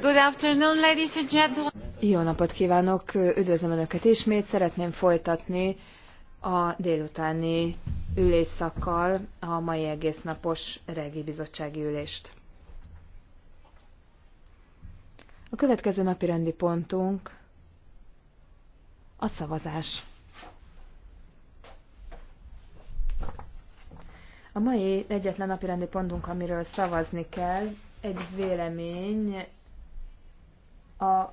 Good afternoon, ladies and gentlemen. Jó napot kívánok, üdvözlöm Önöket ismét. Szeretném folytatni a délutáni ülésszakkal a mai egész napos regi bizottsági ülést. A következő napi rendi pontunk a szavazás. A mai egyetlen napi rendi pontunk, amiről szavazni kell, egy vélemény a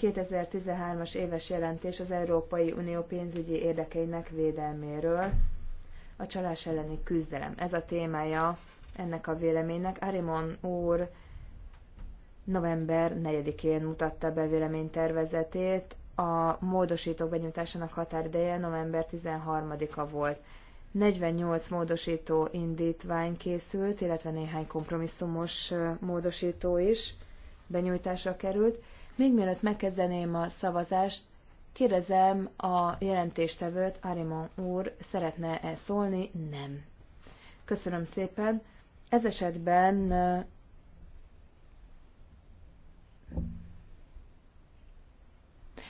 2013-as éves jelentés az Európai Unió pénzügyi érdekeinek védelméről, a csalás elleni küzdelem. Ez a témája ennek a véleménynek. Arimon úr november 4-én mutatta be véleménytervezetét, a módosítók benyújtásának határideje november 13-a volt. 48 módosító indítvány készült, illetve néhány kompromisszumos módosító is benyújtásra került. Még mielőtt megkezdeném a szavazást, kérdezem a jelentéstevőt, Arimon úr, szeretne-e szólni? Nem. Köszönöm szépen. Ez esetben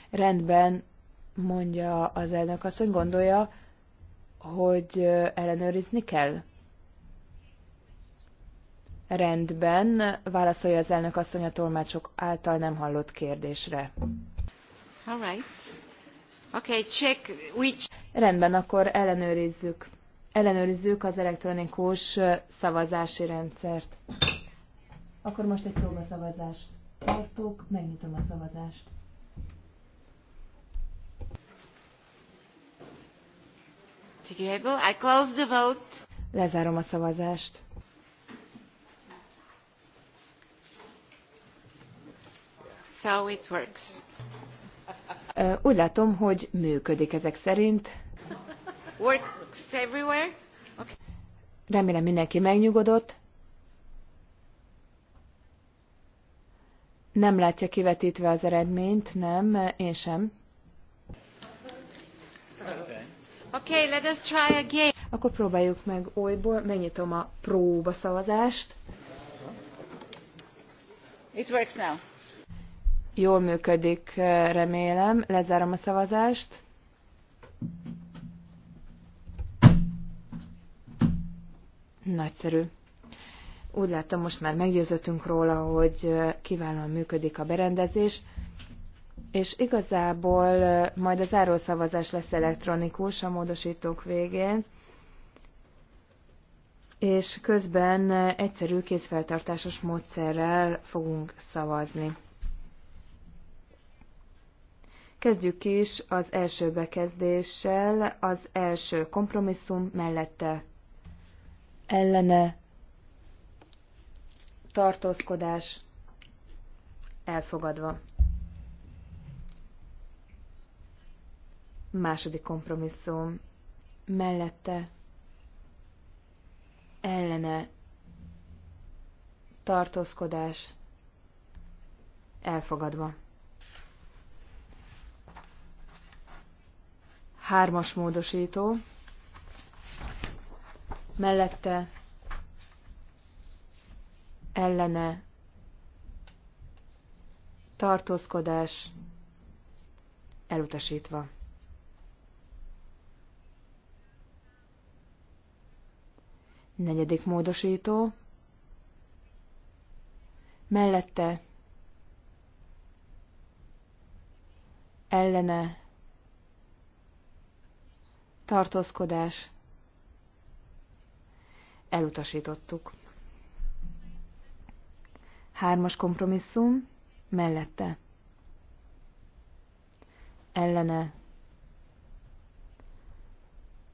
rendben, mondja az elnök asszony, gondolja, hogy ellenőrizni kell. Rendben, válaszolja az elnök asszony a tolmácsok által nem hallott kérdésre. All right. Okay, check which... Rendben, akkor ellenőrizzük. Ellenőrizzük az elektronikus szavazási rendszert. Akkor most egy próbaszavazást tartok, megnyitom a szavazást. Did you able? I close the vote. Lezárom a szavazást. That's how it works. Úgy látom, hogy működik ezek szerint. Works everywhere. Okay. Remélem mindenki megnyugodott. Nem látja kivetítve az eredményt, nem, én sem. Okay, let us try again. Akkor próbáljuk meg újból, megnyitom a szavazást. It works now jól működik, remélem. Lezárom a szavazást. Nagyszerű. Úgy látom, most már meggyőzöttünk róla, hogy kiválóan működik a berendezés, és igazából majd a zárószavazás lesz elektronikus a módosítók végén, és közben egyszerű kézfeltartásos módszerrel fogunk szavazni. Kezdjük is az első bekezdéssel, az első kompromisszum mellette ellene tartózkodás elfogadva. Második kompromisszum mellette ellene tartózkodás elfogadva. Hármas módosító. Mellette ellene tartózkodás elutasítva. Negyedik módosító. Mellette ellene tartózkodás, elutasítottuk. Hármas kompromisszum, mellette, ellene,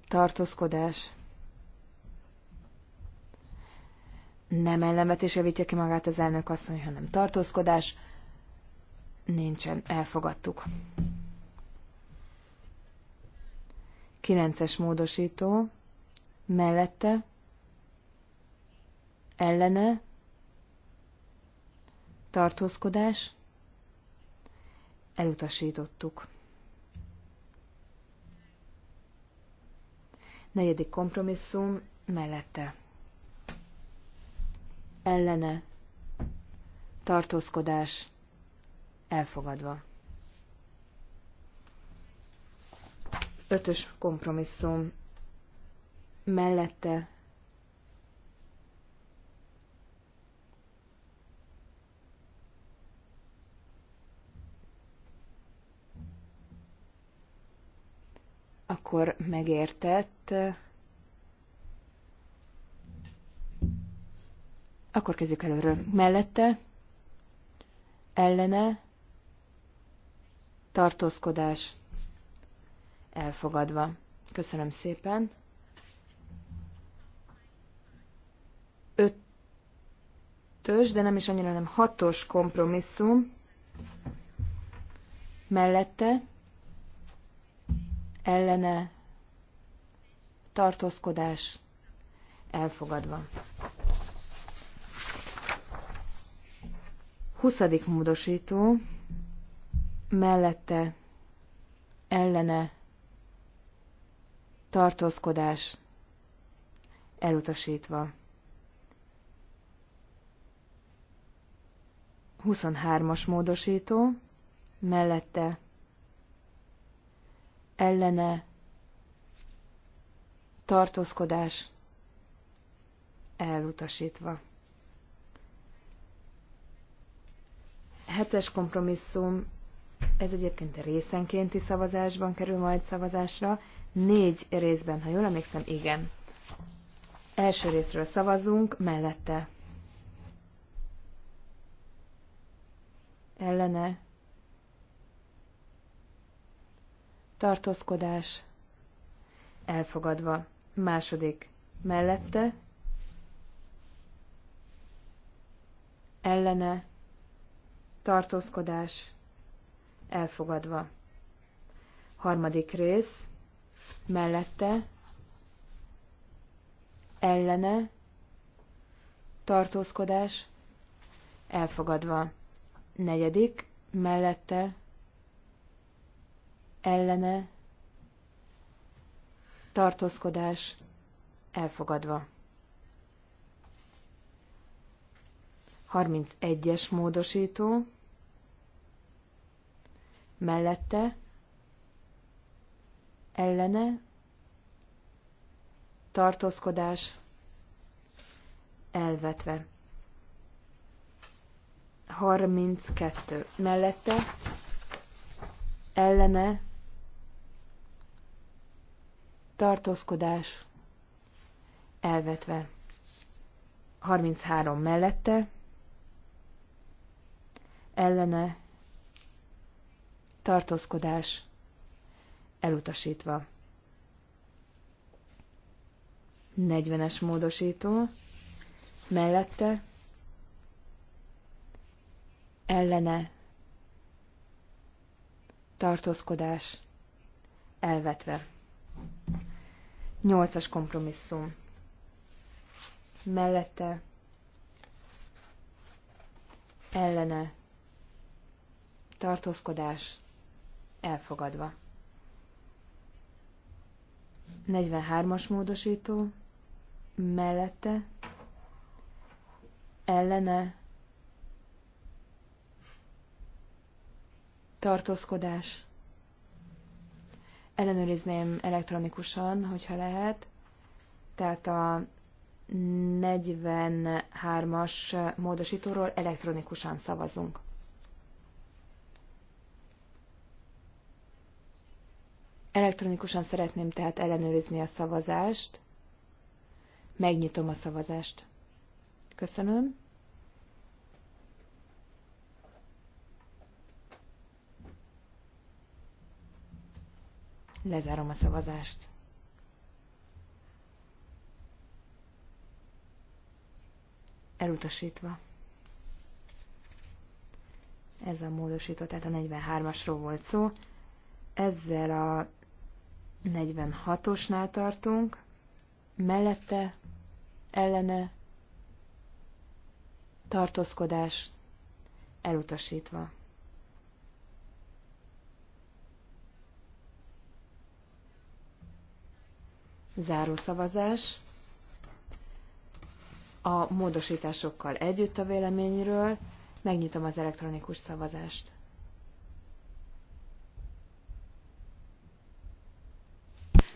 tartózkodás, nem ellenvetés javítja ki magát az elnök asszony, hanem tartózkodás, nincsen, elfogadtuk. 9-es módosító, mellette, ellene, tartózkodás, elutasítottuk. Negyedik kompromisszum, mellette, ellene, tartózkodás, elfogadva. Ötös kompromisszum mellette akkor megértett, akkor kezdjük előre Mellette, ellene, tartózkodás, elfogadva. Köszönöm szépen. Ötös, de nem is annyira, nem hatos kompromisszum mellette ellene tartózkodás elfogadva. Huszadik módosító mellette ellene tartózkodás elutasítva. 23-as módosító, mellette ellene tartózkodás elutasítva. Hetes kompromisszum, ez egyébként részenkénti szavazásban kerül majd szavazásra, Négy részben, ha jól emlékszem, igen. Első részről szavazunk, mellette. Ellene. Tartózkodás. Elfogadva. Második. Mellette. Ellene. Tartózkodás. Elfogadva. Harmadik rész mellette, ellene, tartózkodás, elfogadva. Negyedik, mellette, ellene, tartózkodás, elfogadva. 31-es módosító, mellette, ellene, tartózkodás elvetve. 32. Mellette ellene tartózkodás elvetve. 33. Mellette ellene tartózkodás elvetve elutasítva. 40-es módosító, mellette, ellene, tartózkodás, elvetve. 8-as kompromisszum, mellette, ellene, tartózkodás, elfogadva. 43-as módosító, mellette, ellene, tartózkodás. Ellenőrizném elektronikusan, hogyha lehet. Tehát a 43-as módosítóról elektronikusan szavazunk. Elektronikusan szeretném tehát ellenőrizni a szavazást. Megnyitom a szavazást. Köszönöm. Lezárom a szavazást. Elutasítva. Ez a módosító, tehát a 43-asról volt szó. Ezzel a 46-osnál tartunk, mellette, ellene, tartózkodás elutasítva. Záró szavazás. A módosításokkal együtt a véleményről megnyitom az elektronikus szavazást.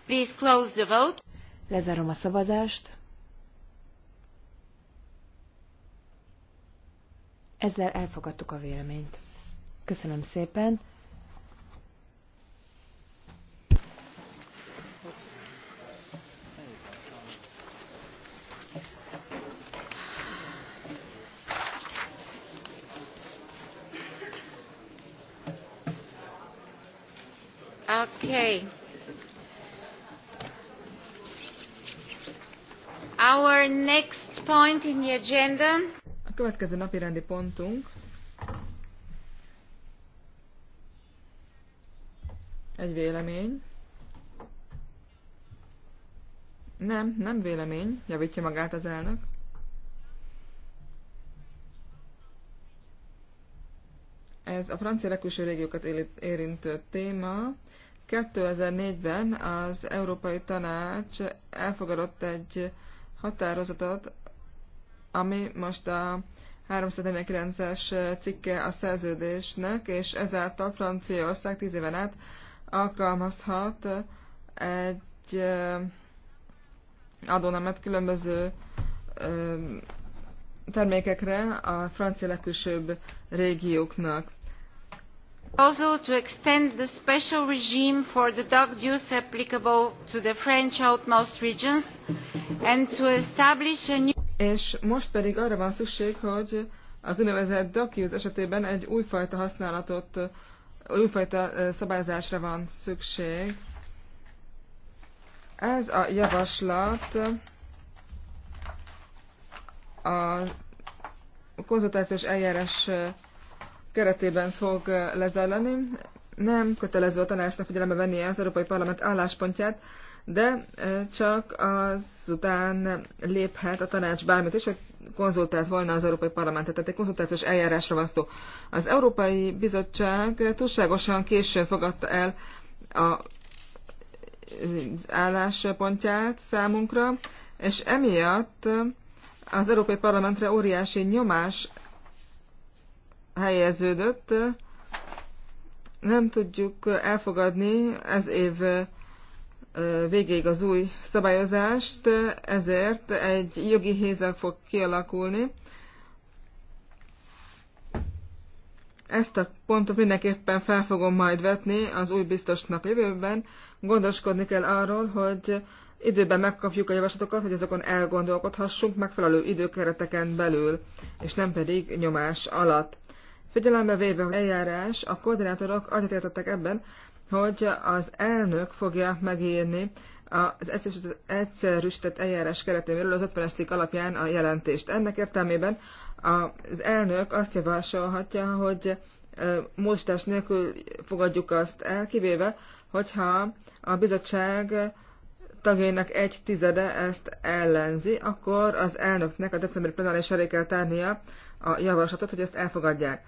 Please close the vote. Lezárom a szavazást. Ezzel elfogadtuk a véleményt. Köszönöm szépen. Okay. Our next point in the agenda. A következő napi rendi pontunk egy vélemény. Nem, nem vélemény, javítja magát az elnök. Ez a francia legkülső régiókat érintő téma. 2004-ben az Európai Tanács elfogadott egy határozatot, ami most a 349-es cikke a szerződésnek, és ezáltal Franciaország 10 éven át alkalmazhat egy adónemet különböző termékekre a francia legkülsőbb régióknak. Also to extend the special regime for the dog dues applicable to the French outmost regions And to establish a new... És most pedig arra van szükség, hogy az úgynevezett docuse esetében egy újfajta használatot, újfajta szabályozásra van szükség. Ez a javaslat a konzultációs eljárás keretében fog lezajlani. Nem kötelező a tanácsnak figyelembe venni az Európai Parlament álláspontját, de csak azután léphet a tanács bármit is, hogy konzultált volna az Európai Parlamentet. Tehát egy konzultációs eljárásra van szó. Az Európai Bizottság túlságosan későn fogadta el a álláspontját számunkra, és emiatt az Európai Parlamentre óriási nyomás helyeződött. Nem tudjuk elfogadni ez év végéig az új szabályozást, ezért egy jogi hézel fog kialakulni. Ezt a pontot mindenképpen fel fogom majd vetni az új biztosnak jövőben. Gondoskodni kell arról, hogy időben megkapjuk a javaslatokat, hogy azokon elgondolkodhassunk megfelelő időkereteken belül, és nem pedig nyomás alatt. Figyelembe véve, hogy eljárás, a koordinátorok agyatértettek ebben, hogy az elnök fogja megírni az egyszerűsített eljárás keretéről az 50-es cikk alapján a jelentést. Ennek értelmében az elnök azt javasolhatja, hogy módosítás nélkül fogadjuk azt el, kivéve, hogyha a bizottság tagjainak egy tizede ezt ellenzi, akkor az elnöknek a decemberi plenáris elé kell tárnia a javaslatot, hogy ezt elfogadják.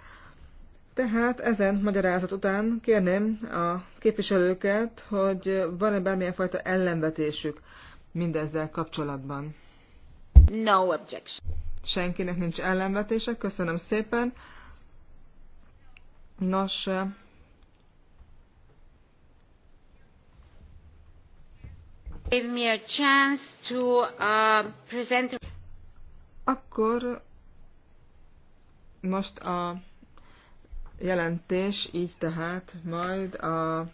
Tehát ezen magyarázat után kérném a képviselőket, hogy van-e bármilyen fajta ellenvetésük mindezzel kapcsolatban. No objection. Senkinek nincs ellenvetése, köszönöm szépen. Nos, Give me a chance to uh, present. Akkor most a jelentés, így tehát majd a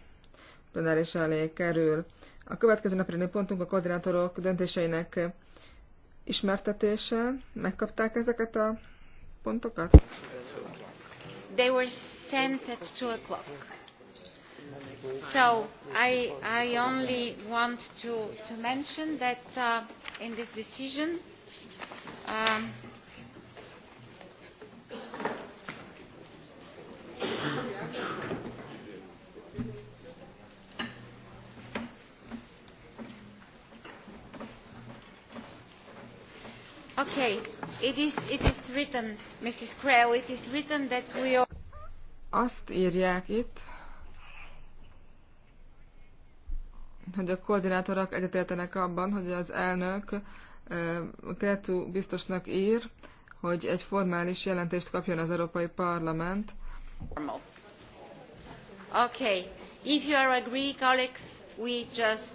plenáris elé kerül. A következő napi pontunk a koordinátorok döntéseinek ismertetése. Megkapták ezeket a pontokat? They were sent at 2 o'clock. So I, I only want to, to mention that uh, in this decision um, Okay. It is, it is written, Mrs. it is written that we all... Azt írják itt, hogy a koordinátorok egyetértenek abban, hogy az elnök Kretu biztosnak ír, hogy egy formális jelentést kapjon az Európai Parlament. Okay. If you are a Greek, Alex, we just...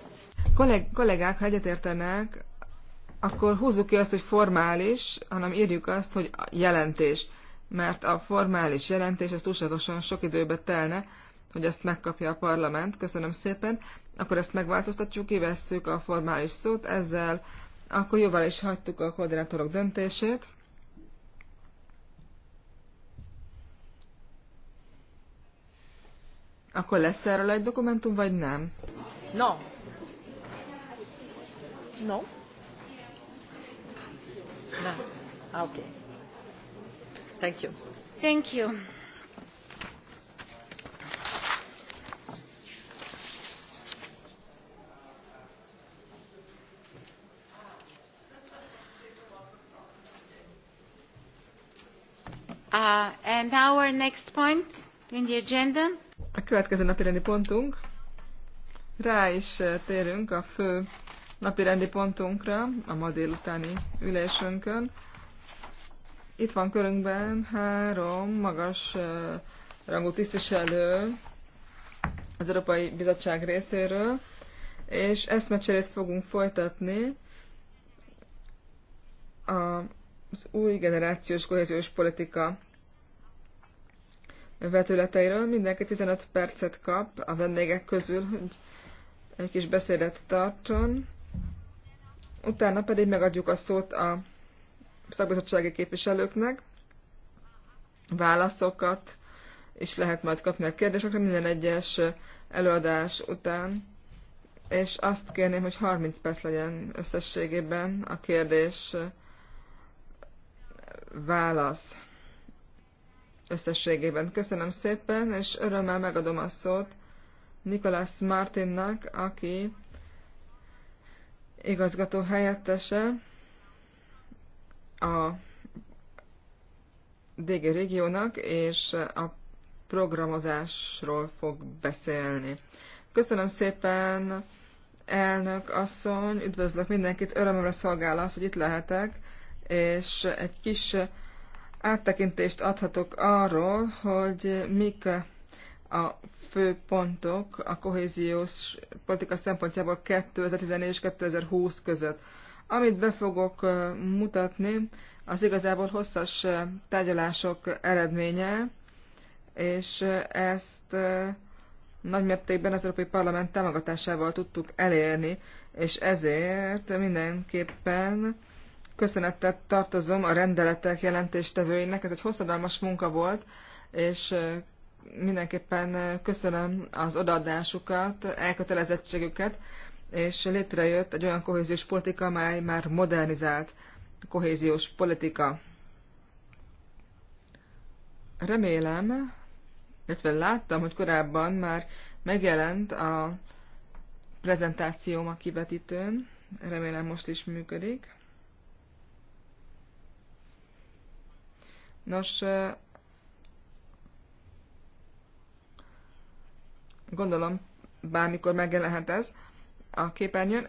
Kolleg kollégák, ha egyetértenek, akkor húzzuk ki azt, hogy formális, hanem írjuk azt, hogy jelentés. Mert a formális jelentés az túlságosan sok időbe telne, hogy ezt megkapja a parlament. Köszönöm szépen. Akkor ezt megváltoztatjuk, kivesszük a formális szót, ezzel akkor jóval is hagytuk a koordinátorok döntését. Akkor lesz erről egy dokumentum, vagy nem? No. No. No. Ah, okay. Thank you. Thank you. Uh, and our next point in the agenda. A következő napirendi pontunk. Rá is uh, térünk a fő napi rendi pontunkra, a ma délutáni ülésünkön. Itt van körünkben három magas rangú tisztviselő az Európai Bizottság részéről, és ezt eszmecserét fogunk folytatni az új generációs kohéziós politika vetületeiről. Mindenki 15 percet kap a vendégek közül, hogy egy kis beszédet tartson. Utána pedig megadjuk a szót a szakbizottsági képviselőknek. Válaszokat és lehet majd kapni a kérdésekre minden egyes előadás után. És azt kérném, hogy 30 perc legyen összességében a kérdés válasz összességében. Köszönöm szépen, és örömmel megadom a szót Nikolás Martinnak, aki igazgató helyettese a DG régiónak, és a programozásról fog beszélni. Köszönöm szépen, elnök asszony, üdvözlök mindenkit, örömömre szolgál az, hogy itt lehetek, és egy kis áttekintést adhatok arról, hogy mik a fő pontok a kohéziós politika szempontjából 2014 és 2020 között. Amit be fogok mutatni, az igazából hosszas tárgyalások eredménye, és ezt nagymértékben az Európai Parlament támogatásával tudtuk elérni, és ezért mindenképpen köszönettet tartozom a rendeletek jelentéstevőinek. Ez egy hosszadalmas munka volt, és mindenképpen köszönöm az odaadásukat, elkötelezettségüket, és létrejött egy olyan kohéziós politika, amely már modernizált kohéziós politika. Remélem, illetve láttam, hogy korábban már megjelent a prezentációm a kivetítőn. Remélem most is működik. Nos, Gondolom, bármikor megjelenhet ez a képernyőn.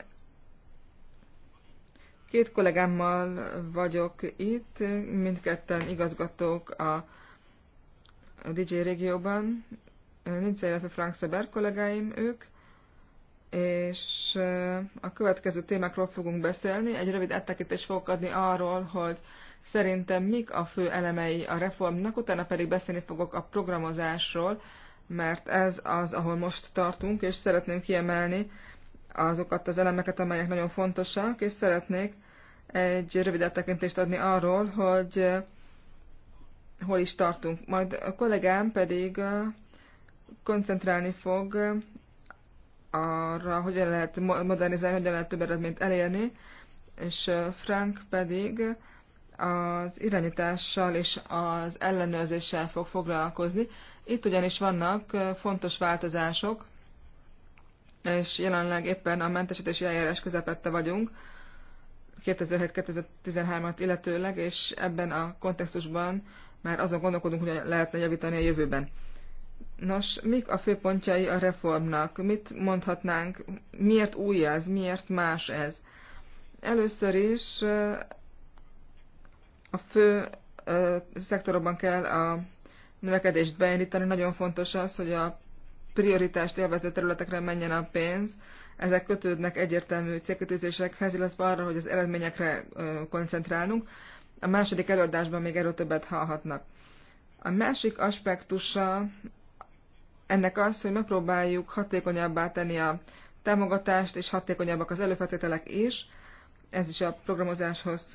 Két kollégámmal vagyok itt, mindketten igazgatók a DJ régióban. Nincs illetve Frank Szeber kollégáim ők, és eh, a következő témákról fogunk beszélni. Egy rövid áttekintést fogok adni arról, hogy szerintem mik a fő elemei a reformnak, utána pedig beszélni fogok a programozásról, mert ez az, ahol most tartunk, és szeretném kiemelni azokat az elemeket, amelyek nagyon fontosak, és szeretnék egy rövid tekintést adni arról, hogy eh, hol is tartunk. Majd a kollégám pedig eh, koncentrálni fog eh, arra, hogyan lehet modernizálni, hogyan lehet több eredményt elérni, és Frank pedig az irányítással és az ellenőrzéssel fog foglalkozni. Itt ugyanis vannak fontos változások, és jelenleg éppen a mentesítési eljárás közepette vagyunk, 2007-2013-at illetőleg, és ebben a kontextusban már azon gondolkodunk, hogy lehetne javítani a jövőben. Nos, mik a főpontjai a reformnak? Mit mondhatnánk? Miért új ez? Miért más ez? Először is a fő szektorokban kell a növekedést beindítani. Nagyon fontos az, hogy a prioritást élvező területekre menjen a pénz. Ezek kötődnek egyértelmű célkötőzésekhez, illetve arra, hogy az eredményekre koncentrálunk. A második előadásban még erről többet hallhatnak. A másik aspektusa ennek az, hogy megpróbáljuk hatékonyabbá tenni a támogatást, és hatékonyabbak az előfeltételek is ez is a programozáshoz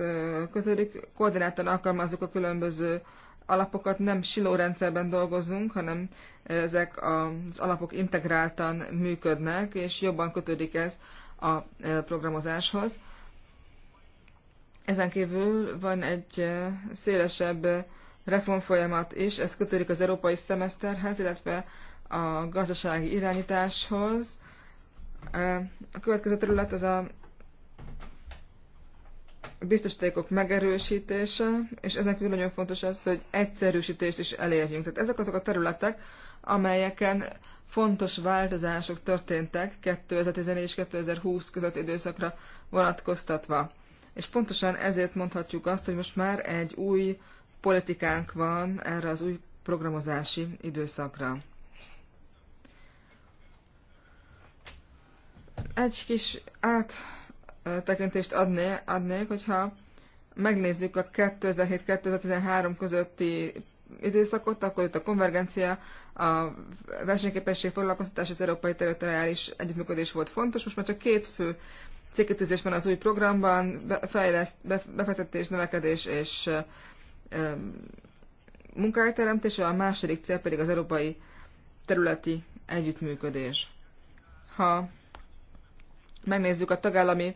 kötődik. Koordináltan alkalmazzuk a különböző alapokat, nem siló rendszerben dolgozunk, hanem ezek az alapok integráltan működnek, és jobban kötődik ez a programozáshoz. Ezen kívül van egy szélesebb reformfolyamat is, ez kötődik az európai szemeszterhez, illetve a gazdasági irányításhoz. A következő terület az a biztosítékok megerősítése, és ezen kívül nagyon fontos az, hogy egyszerűsítést is elérjünk. Tehát ezek azok a területek, amelyeken fontos változások történtek 2014 és 2020 között időszakra vonatkoztatva. És pontosan ezért mondhatjuk azt, hogy most már egy új politikánk van erre az új programozási időszakra. Egy kis át tekintést adné, adnék, hogyha megnézzük a 2007-2013 közötti időszakot, akkor itt a konvergencia, a versenyképesség foglalkoztatás az európai is együttműködés volt fontos. Most már csak két fő célkitűzés van az új programban, fejleszt, befektetés, növekedés és munkahelyteremtés, a második cél pedig az európai területi együttműködés. Ha megnézzük a tagállami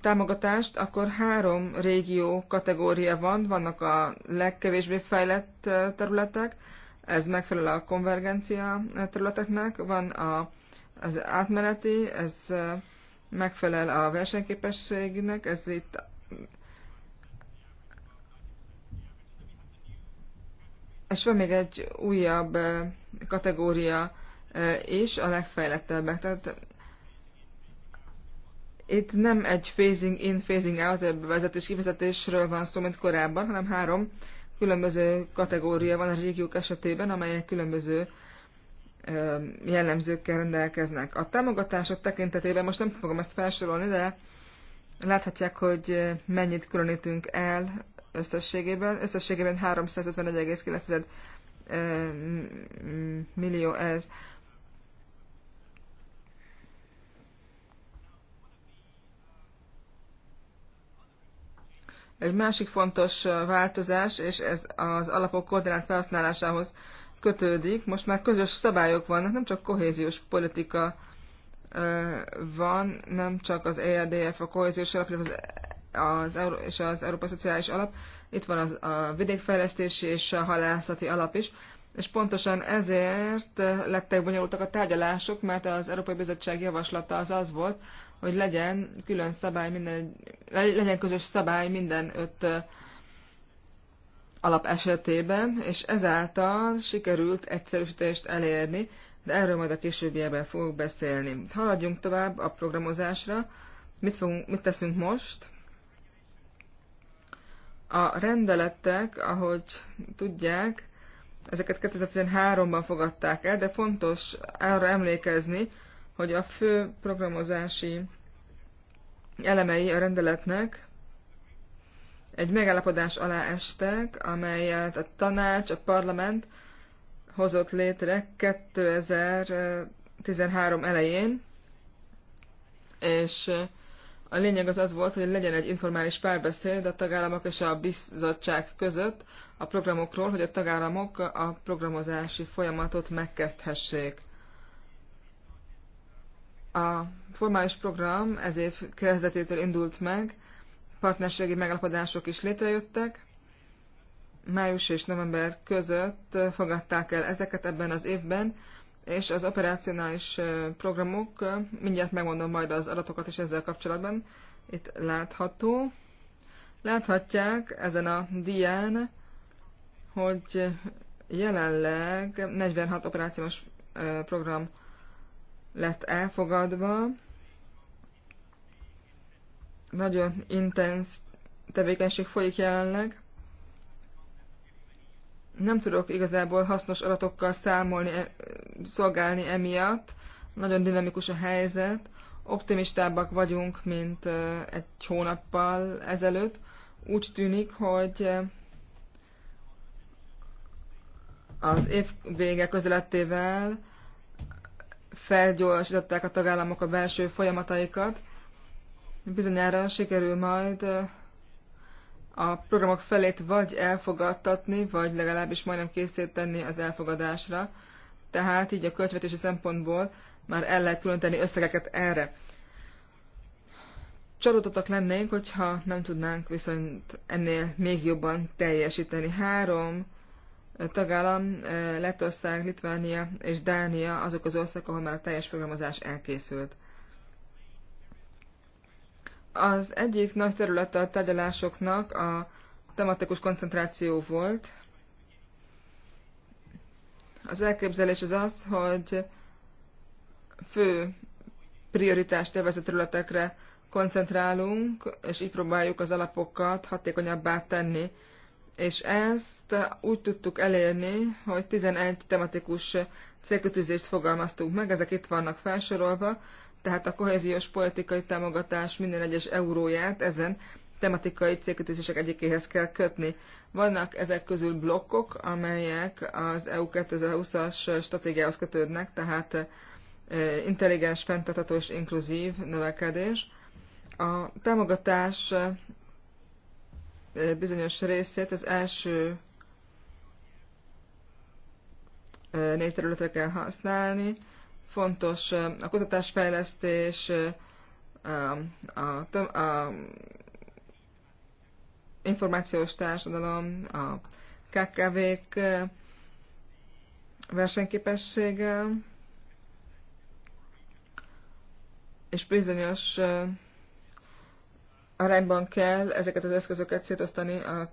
támogatást, akkor három régió kategória van. Vannak a legkevésbé fejlett területek, ez megfelel a konvergencia területeknek, van a, az átmeneti, ez megfelel a versenyképességnek, ez itt és van még egy újabb kategória is, a legfejlettebbek. Tehát itt nem egy phasing in, phasing out vezetés kivezetésről van szó, mint korábban, hanem három különböző kategória van a régiók esetében, amelyek különböző jellemzőkkel rendelkeznek. A támogatások tekintetében most nem fogom ezt felsorolni, de láthatják, hogy mennyit különítünk el összességében. Összességében 351,9 millió ez. Egy másik fontos változás, és ez az alapok koordinált felhasználásához kötődik, most már közös szabályok vannak, nem csak kohéziós politika van, nem csak az ERDF, a kohéziós alap, az, e- az Euró- és az Európai Szociális Alap, itt van az, a vidékfejlesztési és a halászati alap is, és pontosan ezért lettek bonyolultak a tárgyalások, mert az Európai Bizottság javaslata az az volt, hogy legyen külön szabály, minden, legyen közös szabály minden öt alap esetében, és ezáltal sikerült egyszerűsítést elérni, de erről majd a későbbiekben fogok beszélni. Haladjunk tovább a programozásra. Mit, fogunk, mit teszünk most? A rendeletek, ahogy tudják, ezeket 2013-ban fogadták el, de fontos arra emlékezni, hogy a fő programozási elemei a rendeletnek egy megállapodás alá estek, amelyet a tanács, a parlament hozott létre 2013 elején, és a lényeg az az volt, hogy legyen egy informális párbeszéd a tagállamok és a bizottság között a programokról, hogy a tagállamok a programozási folyamatot megkezdhessék. A formális program ez év kezdetétől indult meg, partnerségi megalapodások is létrejöttek. Május és november között fogadták el ezeket ebben az évben, és az operacionális programok, mindjárt megmondom majd az adatokat is ezzel kapcsolatban, itt látható. Láthatják ezen a dián, hogy jelenleg 46 operációs program lett elfogadva. Nagyon intenz tevékenység folyik jelenleg. Nem tudok igazából hasznos adatokkal számolni, e, szolgálni emiatt. Nagyon dinamikus a helyzet. Optimistábbak vagyunk, mint egy hónappal ezelőtt. Úgy tűnik, hogy az év vége közelettével felgyorsították a tagállamok a belső folyamataikat. Bizonyára sikerül majd a programok felét vagy elfogadtatni, vagy legalábbis majdnem készíteni az elfogadásra. Tehát így a költvetési szempontból már el lehet különteni összegeket erre. Csalódottak lennénk, hogyha nem tudnánk viszont ennél még jobban teljesíteni. Három tagállam, eh, Lettország, Litvánia és Dánia azok az országok, ahol már a teljes programozás elkészült. Az egyik nagy területe a tárgyalásoknak a tematikus koncentráció volt. Az elképzelés az az, hogy fő prioritást élvező területekre koncentrálunk, és így próbáljuk az alapokat hatékonyabbá tenni és ezt úgy tudtuk elérni, hogy 11 tematikus célkötőzést fogalmaztunk meg, ezek itt vannak felsorolva, tehát a kohéziós politikai támogatás minden egyes euróját ezen tematikai célkötőzések egyikéhez kell kötni. Vannak ezek közül blokkok, amelyek az EU 2020-as stratégiához kötődnek, tehát e, intelligens, fenntartható és inkluzív növekedés. A támogatás bizonyos részét az első négy területre kell használni. Fontos a kutatásfejlesztés, a, a, a információs társadalom, a KKV-k versenyképessége, és bizonyos arányban kell ezeket az eszközöket szétosztani a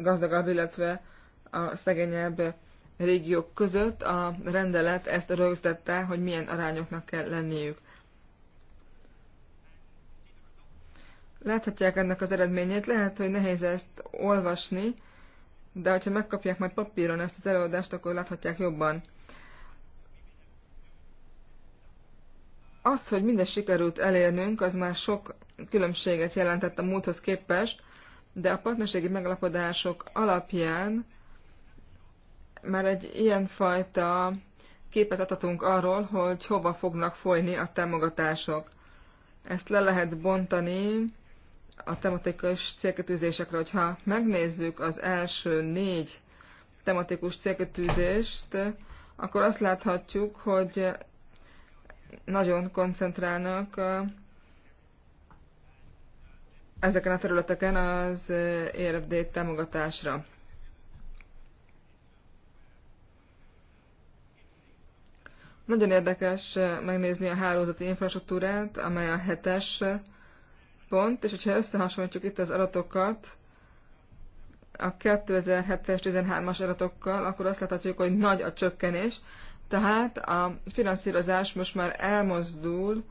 gazdagabb, illetve a szegényebb régiók között. A rendelet ezt rögzítette, hogy milyen arányoknak kell lenniük. Láthatják ennek az eredményét, lehet, hogy nehéz ezt olvasni, de hogyha megkapják majd papíron ezt az előadást, akkor láthatják jobban. Az, hogy minden sikerült elérnünk, az már sok különbséget jelentett a múlthoz képest, de a partnerségi megalapodások alapján már egy ilyenfajta képet adhatunk arról, hogy hova fognak folyni a támogatások. Ezt le lehet bontani a tematikus célkötőzésekre, hogyha megnézzük az első négy tematikus célkötőzést, akkor azt láthatjuk, hogy nagyon koncentrálnak ezeken a területeken az ERFD támogatásra. Nagyon érdekes megnézni a hálózati infrastruktúrát, amely a hetes pont, és hogyha összehasonlítjuk itt az adatokat a 2007-es, 13-as adatokkal, akkor azt láthatjuk, hogy nagy a csökkenés, tehát a finanszírozás most már elmozdul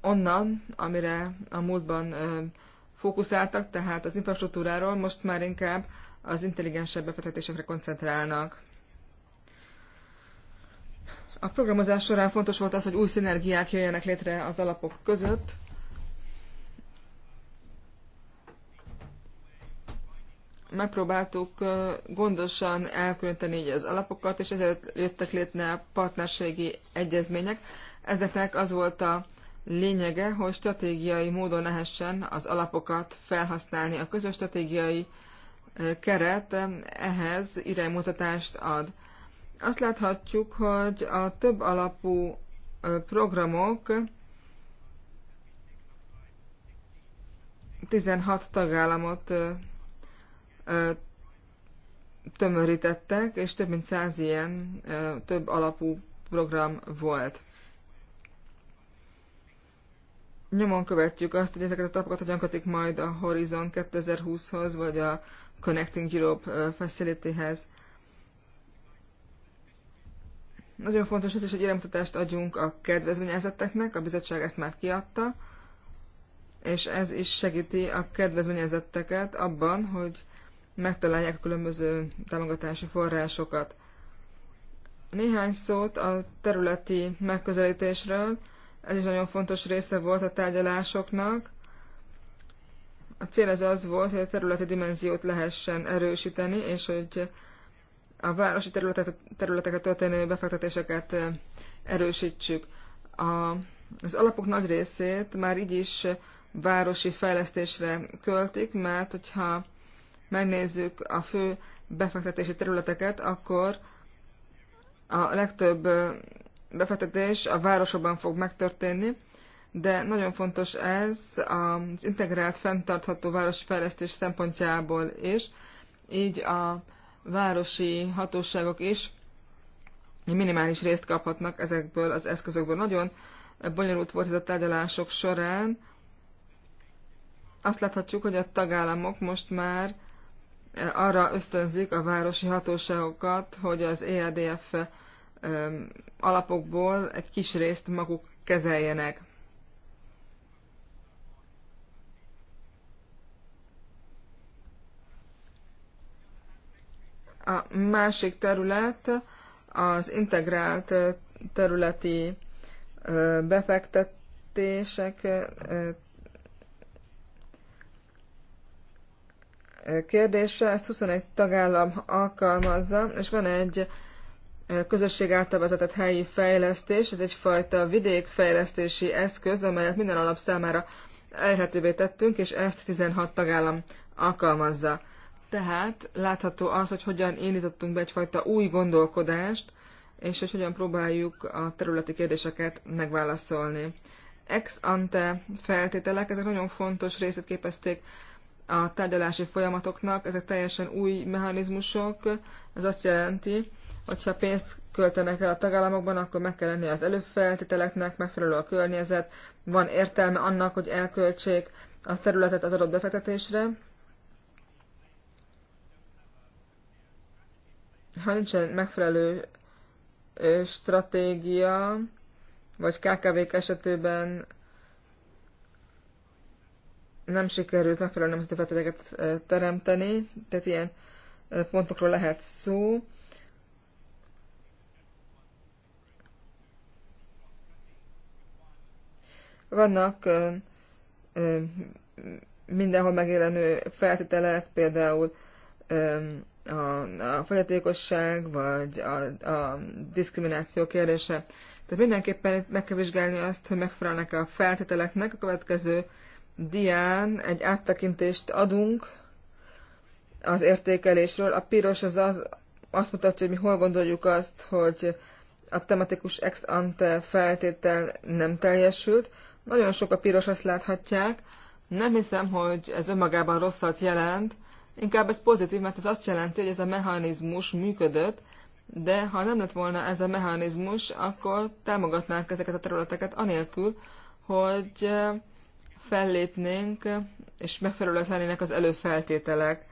onnan, amire a múltban fókuszáltak, tehát az infrastruktúráról most már inkább az intelligensebb befektetésekre koncentrálnak. A programozás során fontos volt az, hogy új szinergiák jöjjenek létre az alapok között, megpróbáltuk gondosan elkülöníteni így az alapokat, és ezért jöttek létre partnerségi egyezmények. Ezeknek az volt a lényege, hogy stratégiai módon lehessen az alapokat felhasználni. A közös stratégiai keret ehhez iránymutatást ad. Azt láthatjuk, hogy a több alapú programok 16 tagállamot tömörítettek, és több mint száz ilyen több alapú program volt. Nyomon követjük azt, hogy ezeket a tapokat hogyan kötik majd a Horizon 2020-hoz, vagy a Connecting Europe Facility-hez. Nagyon fontos az is, hogy iránymutatást adjunk a kedvezményezetteknek, a bizottság ezt már kiadta, és ez is segíti a kedvezményezetteket abban, hogy megtalálják a különböző támogatási forrásokat. Néhány szót a területi megközelítésről. Ez is nagyon fontos része volt a tárgyalásoknak. A cél ez az volt, hogy a területi dimenziót lehessen erősíteni, és hogy a városi területek, területeket történő befektetéseket erősítsük. A, az alapok nagy részét már így is városi fejlesztésre költik, mert hogyha megnézzük a fő befektetési területeket, akkor a legtöbb befektetés a városokban fog megtörténni, de nagyon fontos ez az integrált, fenntartható városi fejlesztés szempontjából is, így a városi hatóságok is minimális részt kaphatnak ezekből az eszközökből. Nagyon bonyolult volt ez a tárgyalások során. Azt láthatjuk, hogy a tagállamok most már arra ösztönzik a városi hatóságokat, hogy az EADF alapokból egy kis részt maguk kezeljenek. A másik terület az integrált eh, területi eh, befektetések eh, Kérdése Ezt 21 tagállam alkalmazza, és van egy közösség által vezetett helyi fejlesztés. Ez egyfajta vidékfejlesztési eszköz, amelyet minden alap számára elérhetővé tettünk, és ezt 16 tagállam alkalmazza. Tehát látható az, hogy hogyan indítottunk be egyfajta új gondolkodást, és hogy hogyan próbáljuk a területi kérdéseket megválaszolni. Ex ante feltételek, ezek nagyon fontos részét képezték a tárgyalási folyamatoknak, ezek teljesen új mechanizmusok. Ez azt jelenti, hogy ha pénzt költenek el a tagállamokban, akkor meg kell lenni az előfeltételeknek, megfelelő a környezet, van értelme annak, hogy elköltsék a területet az adott befektetésre. Ha nincsen megfelelő stratégia, vagy KKV-k esetében nem sikerült megfelelő nemzeti feltételeket teremteni, tehát ilyen pontokról lehet szó. Vannak mindenhol megjelenő feltételek, például a, a fogyatékosság, vagy a, a diszkrimináció kérdése. Tehát mindenképpen meg kell vizsgálni azt, hogy megfelelnek a feltételeknek a következő dián egy áttekintést adunk az értékelésről. A piros az, az azt mutatja, hogy mi hol gondoljuk azt, hogy a tematikus ex ante feltétel nem teljesült. Nagyon sok a piros azt láthatják. Nem hiszem, hogy ez önmagában rosszat jelent. Inkább ez pozitív, mert ez azt jelenti, hogy ez a mechanizmus működött, de ha nem lett volna ez a mechanizmus, akkor támogatnánk ezeket a területeket anélkül, hogy fellépnénk, és megfelelőek lennének az előfeltételek.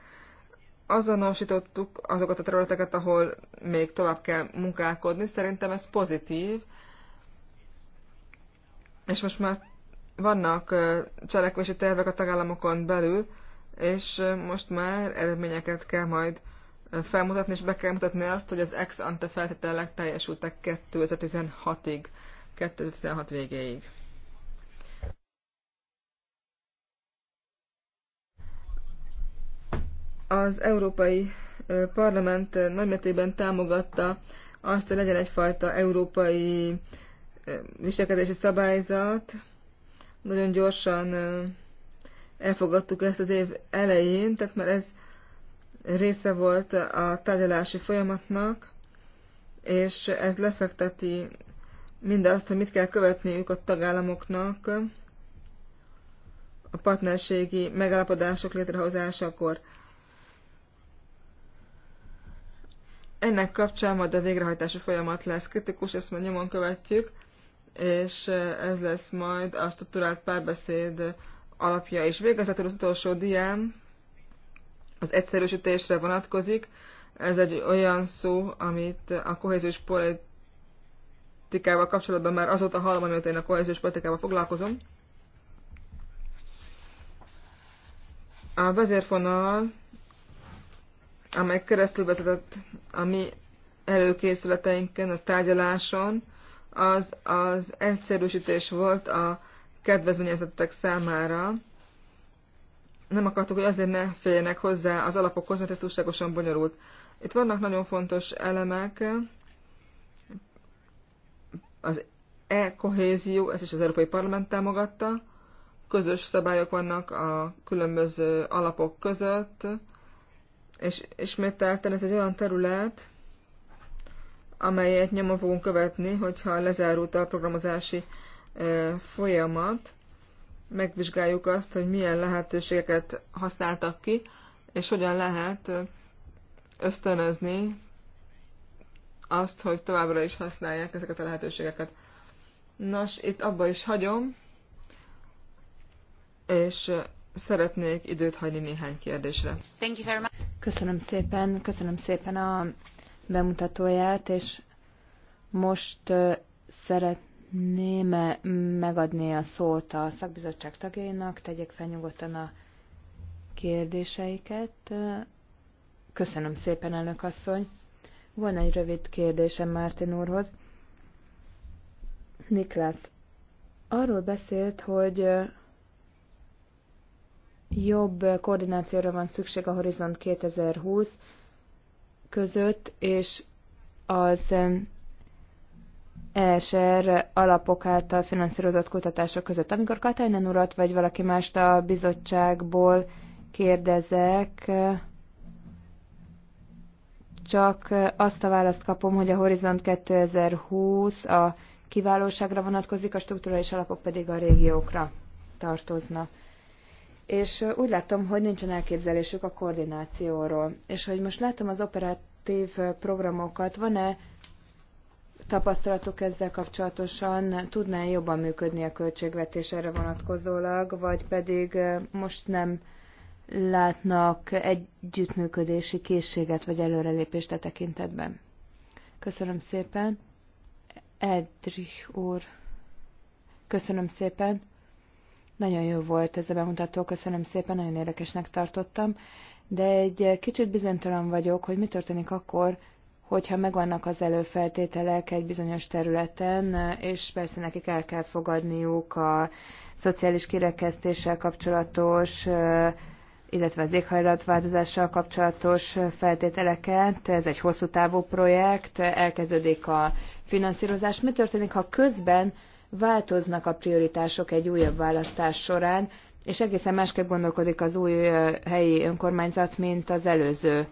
Azonosítottuk azokat a területeket, ahol még tovább kell munkálkodni. Szerintem ez pozitív. És most már vannak cselekvési tervek a tagállamokon belül, és most már eredményeket kell majd felmutatni, és be kell mutatni azt, hogy az ex ante feltételek teljesültek 2016-ig, 2016 végéig. Az Európai Parlament nagymértékben támogatta azt, hogy legyen egyfajta európai viselkedési szabályzat. Nagyon gyorsan elfogadtuk ezt az év elején, tehát mert ez része volt a tárgyalási folyamatnak, és ez lefekteti mindazt, hogy mit kell követniük a tagállamoknak a partnerségi megállapodások létrehozásakor. Ennek kapcsán majd a végrehajtási folyamat lesz kritikus, ezt majd nyomon követjük, és ez lesz majd a struktúrált párbeszéd alapja is. Végezetül az utolsó diám az egyszerűsítésre vonatkozik. Ez egy olyan szó, amit a kohéziós politikával kapcsolatban már azóta hallom, amióta én a kohéziós politikával foglalkozom. A vezérfonal amely keresztül vezetett a mi előkészületeinken, a tárgyaláson, az az egyszerűsítés volt a kedvezményezettek számára. Nem akartuk, hogy azért ne féljenek hozzá az alapokhoz, mert ez túlságosan bonyolult. Itt vannak nagyon fontos elemek, az e-kohézió, ezt is az Európai Parlament támogatta, közös szabályok vannak a különböző alapok között, és ismételten ez egy olyan terület, amelyet nyomon fogunk követni, hogyha lezárult a programozási folyamat, megvizsgáljuk azt, hogy milyen lehetőségeket használtak ki, és hogyan lehet ösztönözni azt, hogy továbbra is használják ezeket a lehetőségeket. Nos, itt abba is hagyom, és szeretnék időt hagyni néhány kérdésre. Thank you very much. Köszönöm szépen, köszönöm szépen a bemutatóját, és most szeretném -e megadni a szót a szakbizottság tagjainak, tegyek fel nyugodtan a kérdéseiket. Köszönöm szépen, elnök asszony. Van egy rövid kérdésem Mártin úrhoz. Niklas arról beszélt, hogy jobb koordinációra van szükség a Horizont 2020 között, és az ESR e alapok által finanszírozott kutatások között. Amikor Katajnen urat vagy valaki mást a bizottságból kérdezek, csak azt a választ kapom, hogy a Horizont 2020 a kiválóságra vonatkozik, a és alapok pedig a régiókra tartoznak és úgy látom, hogy nincsen elképzelésük a koordinációról. És hogy most látom az operatív programokat, van-e tapasztalatok ezzel kapcsolatosan, tudná -e jobban működni a költségvetés erre vonatkozólag, vagy pedig most nem látnak együttműködési készséget vagy előrelépést a e tekintetben. Köszönöm szépen. Edrich úr. Köszönöm szépen. Nagyon jó volt ez a bemutató, köszönöm szépen, nagyon érdekesnek tartottam, de egy kicsit bizonytalan vagyok, hogy mi történik akkor, hogyha megvannak az előfeltételek egy bizonyos területen, és persze nekik el kell fogadniuk a szociális kirekesztéssel kapcsolatos, illetve az éghajlatváltozással kapcsolatos feltételeket. Ez egy hosszú távú projekt, elkezdődik a finanszírozás. Mi történik, ha közben változnak a prioritások egy újabb választás során, és egészen másképp gondolkodik az új helyi önkormányzat, mint az előző.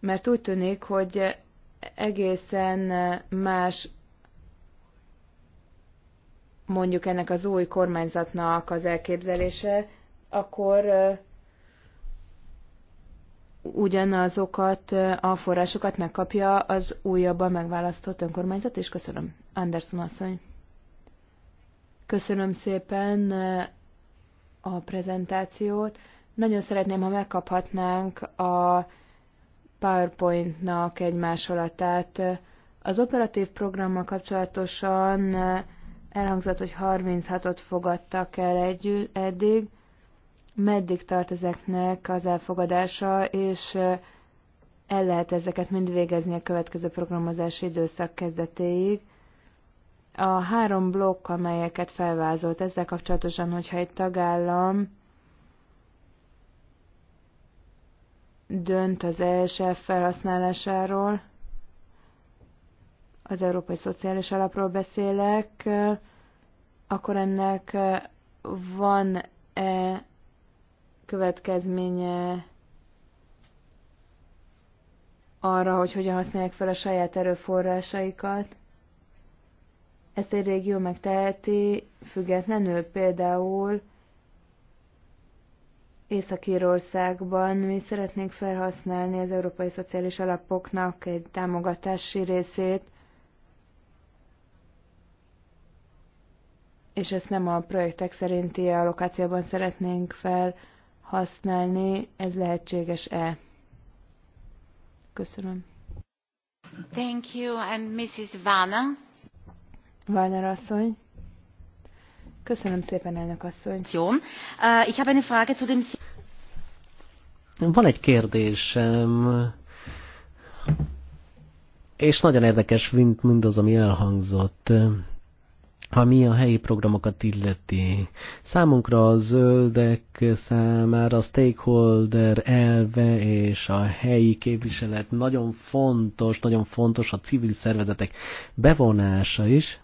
Mert úgy tűnik, hogy egészen más mondjuk ennek az új kormányzatnak az elképzelése, akkor ugyanazokat a forrásokat megkapja az újabban megválasztott önkormányzat, és köszönöm. Anderson asszony. Köszönöm szépen a prezentációt. Nagyon szeretném, ha megkaphatnánk a PowerPoint-nak egy másolatát. Az operatív programmal kapcsolatosan elhangzott, hogy 36-ot fogadtak el együtt eddig, meddig tart ezeknek az elfogadása, és el lehet ezeket mind végezni a következő programozási időszak kezdetéig. A három blokk, amelyeket felvázolt ezzel kapcsolatosan, hogyha egy tagállam dönt az ESF felhasználásáról, az Európai Szociális Alapról beszélek, akkor ennek van-e következménye arra, hogy hogyan használják fel a saját erőforrásaikat. Ezt egy régió megteheti, függetlenül például Észak-Írországban mi szeretnénk felhasználni az Európai Szociális Alapoknak egy támogatási részét, és ezt nem a projektek szerinti allokációban szeretnénk fel használni, ez lehetséges-e? Köszönöm. Thank you, and Mrs. Vanna. Vanner asszony. Köszönöm szépen, elnök asszony. Uh, ich habe eine Frage zu dem... Van egy kérdésem, és nagyon érdekes mindaz, ami elhangzott ami a helyi programokat illeti. Számunkra a zöldek számára a stakeholder elve és a helyi képviselet nagyon fontos, nagyon fontos a civil szervezetek bevonása is.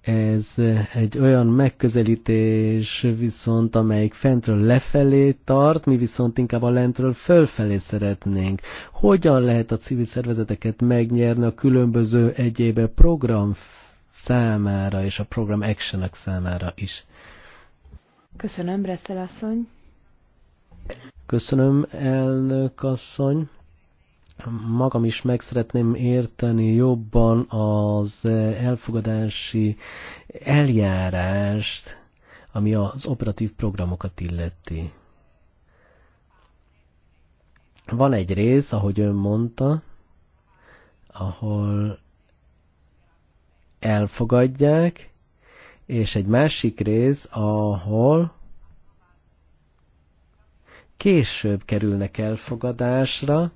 Ez egy olyan megközelítés viszont, amelyik fentről lefelé tart, mi viszont inkább a lentről fölfelé szeretnénk. Hogyan lehet a civil szervezeteket megnyerni a különböző egyéb program számára és a program action számára is. Köszönöm, Bresszel asszony. Köszönöm, elnök asszony. Magam is meg szeretném érteni jobban az elfogadási eljárást, ami az operatív programokat illeti. Van egy rész, ahogy ön mondta, ahol elfogadják, és egy másik rész, ahol később kerülnek elfogadásra,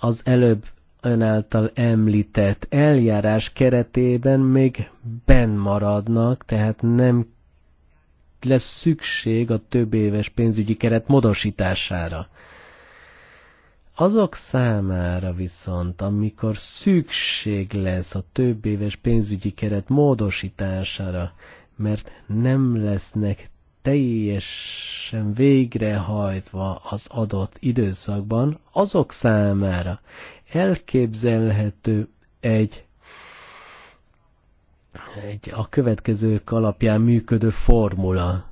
az előbb ön által említett eljárás keretében még benn maradnak, tehát nem lesz szükség a több éves pénzügyi keret modosítására. Azok számára viszont, amikor szükség lesz a több éves pénzügyi keret módosítására, mert nem lesznek teljesen végrehajtva az adott időszakban, azok számára elképzelhető egy, egy a következők alapján működő formula.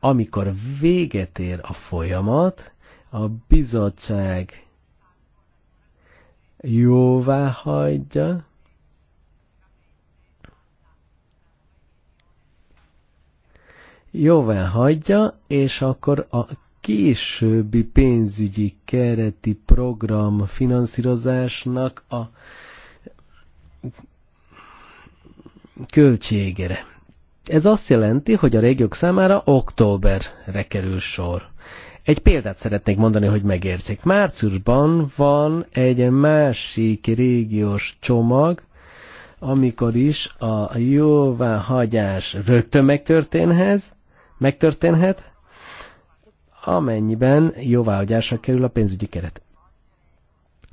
Amikor véget ér a folyamat, a bizottság jóvá hagyja, jóvá hagyja, és akkor a későbbi pénzügyi kereti program finanszírozásnak a költségére. Ez azt jelenti, hogy a régiók számára októberre kerül sor. Egy példát szeretnék mondani, hogy megértsék. Márciusban van egy másik régiós csomag, amikor is a jóváhagyás rögtön megtörténhez, megtörténhet, amennyiben jóváhagyásra kerül a pénzügyi keret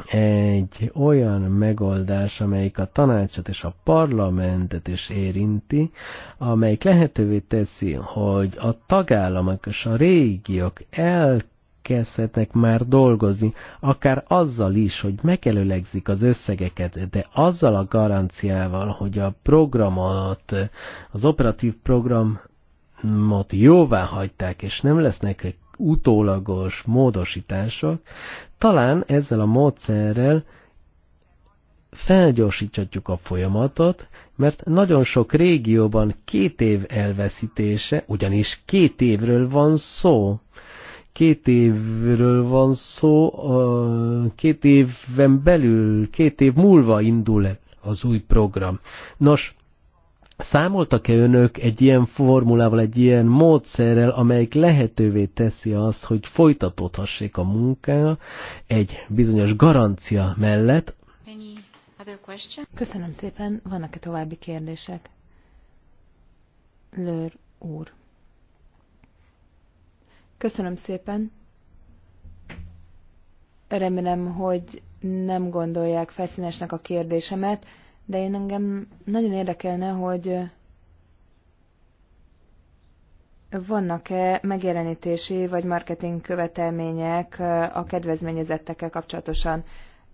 egy olyan megoldás, amelyik a tanácsot és a parlamentet is érinti, amelyik lehetővé teszi, hogy a tagállamok és a régiók el kezdhetnek már dolgozni, akár azzal is, hogy megelőlegzik az összegeket, de azzal a garanciával, hogy a programot, az operatív programot jóvá hagyták, és nem lesznek utólagos módosítások, talán ezzel a módszerrel felgyorsíthatjuk a folyamatot, mert nagyon sok régióban két év elveszítése, ugyanis két évről van szó. Két évről van szó, két éven belül, két év múlva indul az új program. Nos, Számoltak-e önök egy ilyen formulával, egy ilyen módszerrel, amelyik lehetővé teszi azt, hogy folytatódhassék a munka egy bizonyos garancia mellett? Köszönöm szépen. Vannak-e további kérdések? Lőr úr. Köszönöm szépen. Remélem, hogy nem gondolják felszínesnek a kérdésemet de én engem nagyon érdekelne, hogy vannak-e megjelenítési vagy marketing követelmények a kedvezményezettekkel kapcsolatosan.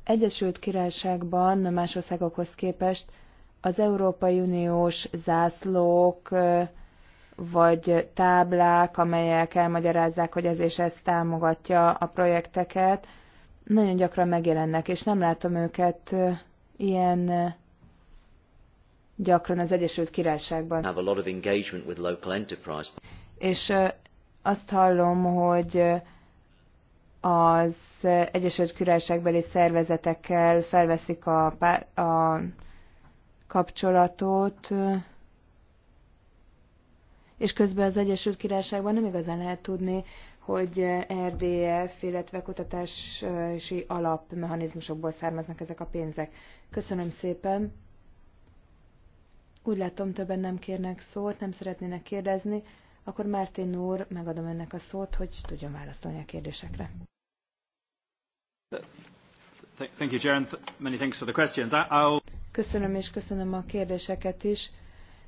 Egyesült Királyságban más országokhoz képest az Európai Uniós zászlók vagy táblák, amelyek elmagyarázzák, hogy ez és ez támogatja a projekteket, nagyon gyakran megjelennek, és nem látom őket ilyen gyakran az Egyesült Királyságban. És azt hallom, hogy az Egyesült Királyságbeli szervezetekkel felveszik a, a kapcsolatot, és közben az Egyesült Királyságban nem igazán lehet tudni, hogy RDF, illetve kutatási alapmechanizmusokból származnak ezek a pénzek. Köszönöm szépen! Úgy látom, többen nem kérnek szót, nem szeretnének kérdezni. Akkor Mártin úr, megadom önnek a szót, hogy tudjon válaszolni a kérdésekre. Thank you, Many thanks for the questions. I'll... Köszönöm és köszönöm a kérdéseket is.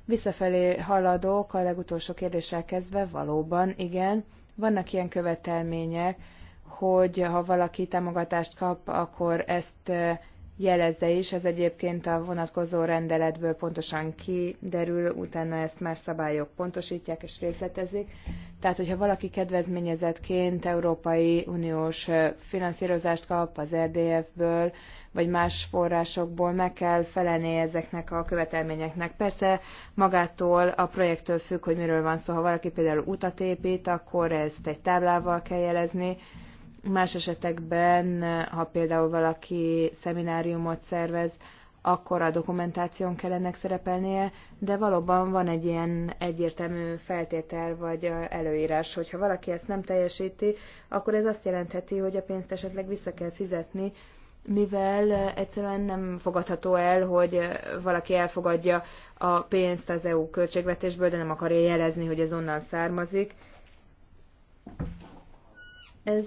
Visszafelé haladok, a legutolsó kérdéssel kezdve, valóban, igen. Vannak ilyen követelmények, hogy ha valaki támogatást kap, akkor ezt eh, jelezze is, ez egyébként a vonatkozó rendeletből pontosan kiderül, utána ezt már szabályok pontosítják és részletezik. Tehát, hogyha valaki kedvezményezetként Európai Uniós finanszírozást kap az RDF-ből, vagy más forrásokból, meg kell felelni ezeknek a követelményeknek. Persze magától, a projektől függ, hogy miről van szó. Ha valaki például utat épít, akkor ezt egy táblával kell jelezni, Más esetekben, ha például valaki szemináriumot szervez, akkor a dokumentáción kell ennek szerepelnie, de valóban van egy ilyen egyértelmű feltétel vagy előírás, hogyha valaki ezt nem teljesíti, akkor ez azt jelentheti, hogy a pénzt esetleg vissza kell fizetni, mivel egyszerűen nem fogadható el, hogy valaki elfogadja a pénzt az EU költségvetésből, de nem akarja jelezni, hogy ez onnan származik. Ez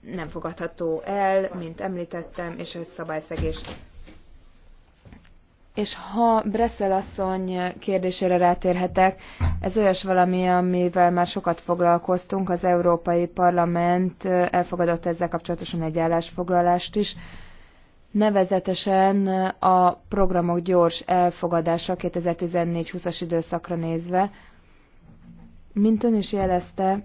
nem fogadható el, mint említettem, és ez szabályszegés. És ha Bresszel asszony kérdésére rátérhetek, ez olyas valami, amivel már sokat foglalkoztunk, az Európai Parlament elfogadott ezzel kapcsolatosan egy állásfoglalást is, nevezetesen a programok gyors elfogadása 2014-20-as időszakra nézve. Mint ön is jelezte,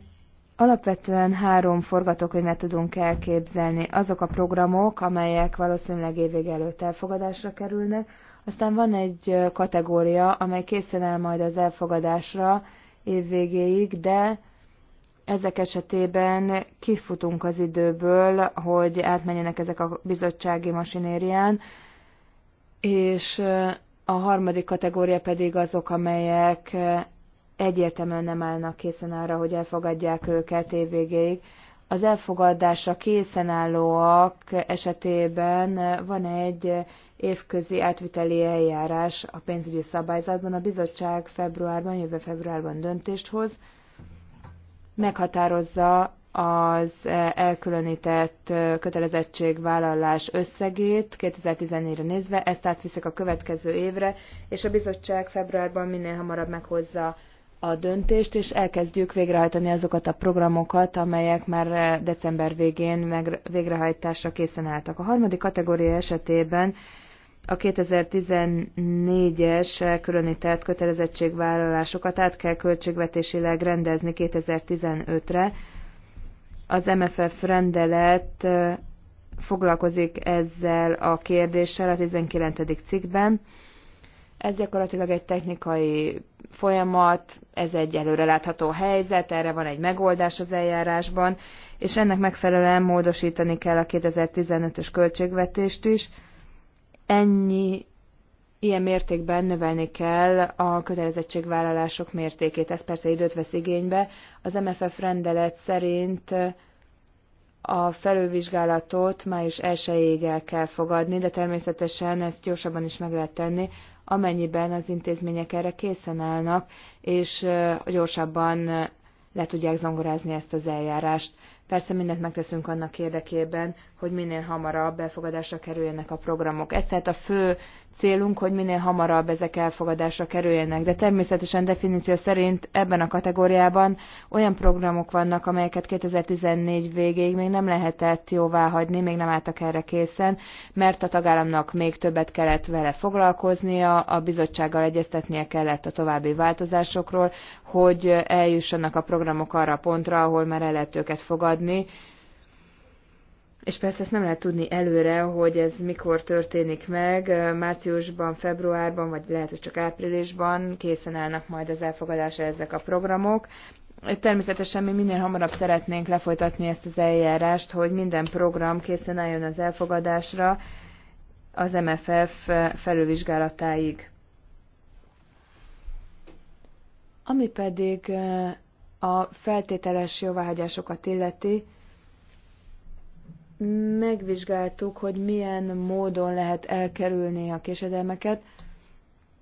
Alapvetően három forgatókönyvet tudunk elképzelni. Azok a programok, amelyek valószínűleg évvég előtt elfogadásra kerülnek, aztán van egy kategória, amely készen áll majd az elfogadásra évvégéig, de ezek esetében kifutunk az időből, hogy átmenjenek ezek a bizottsági masinérián, és a harmadik kategória pedig azok, amelyek egyértelműen nem állnak készen arra, hogy elfogadják őket évvégéig. Az elfogadásra készen állóak esetében van egy évközi átviteli eljárás a pénzügyi szabályzatban. A bizottság februárban, jövő februárban döntést hoz, meghatározza az elkülönített kötelezettségvállalás összegét 2014-re nézve, ezt átviszik a következő évre, és a bizottság februárban minél hamarabb meghozza a döntést, és elkezdjük végrehajtani azokat a programokat, amelyek már eh, december végén meg végrehajtásra készen álltak. A harmadik kategória esetében a 2014-es különített kötelezettségvállalásokat át kell költségvetésileg rendezni 2015-re. Az MFF rendelet eh, foglalkozik ezzel a kérdéssel a 19. cikkben. Ez gyakorlatilag egy technikai folyamat, ez egy előrelátható helyzet, erre van egy megoldás az eljárásban, és ennek megfelelően módosítani kell a 2015-ös költségvetést is. Ennyi ilyen mértékben növelni kell a kötelezettségvállalások mértékét. Ez persze időt vesz igénybe. Az MFF rendelet szerint a felülvizsgálatot május 1-ig el kell fogadni, de természetesen ezt gyorsabban is meg lehet tenni, amennyiben az intézmények erre készen állnak, és gyorsabban le tudják zongorázni ezt az eljárást. Persze mindent megteszünk annak érdekében, hogy minél hamarabb elfogadásra kerüljenek a programok. Ez tehát a fő célunk, hogy minél hamarabb ezek elfogadásra kerüljenek. De természetesen definíció szerint ebben a kategóriában olyan programok vannak, amelyeket 2014 végéig még nem lehetett jóvá hagyni, még nem álltak erre készen, mert a tagállamnak még többet kellett vele foglalkoznia, a bizottsággal egyeztetnie kellett a további változásokról, hogy eljussanak a programok arra a pontra, ahol már el lehet őket fogadni adni, és persze ezt nem lehet tudni előre, hogy ez mikor történik meg, márciusban, februárban, vagy lehet, hogy csak áprilisban készen állnak majd az elfogadása ezek a programok. Természetesen mi minél hamarabb szeretnénk lefolytatni ezt az eljárást, hogy minden program készen álljon az elfogadásra az MFF felülvizsgálatáig. Ami pedig a feltételes jóváhagyásokat illeti, megvizsgáltuk, hogy milyen módon lehet elkerülni a késedelmeket,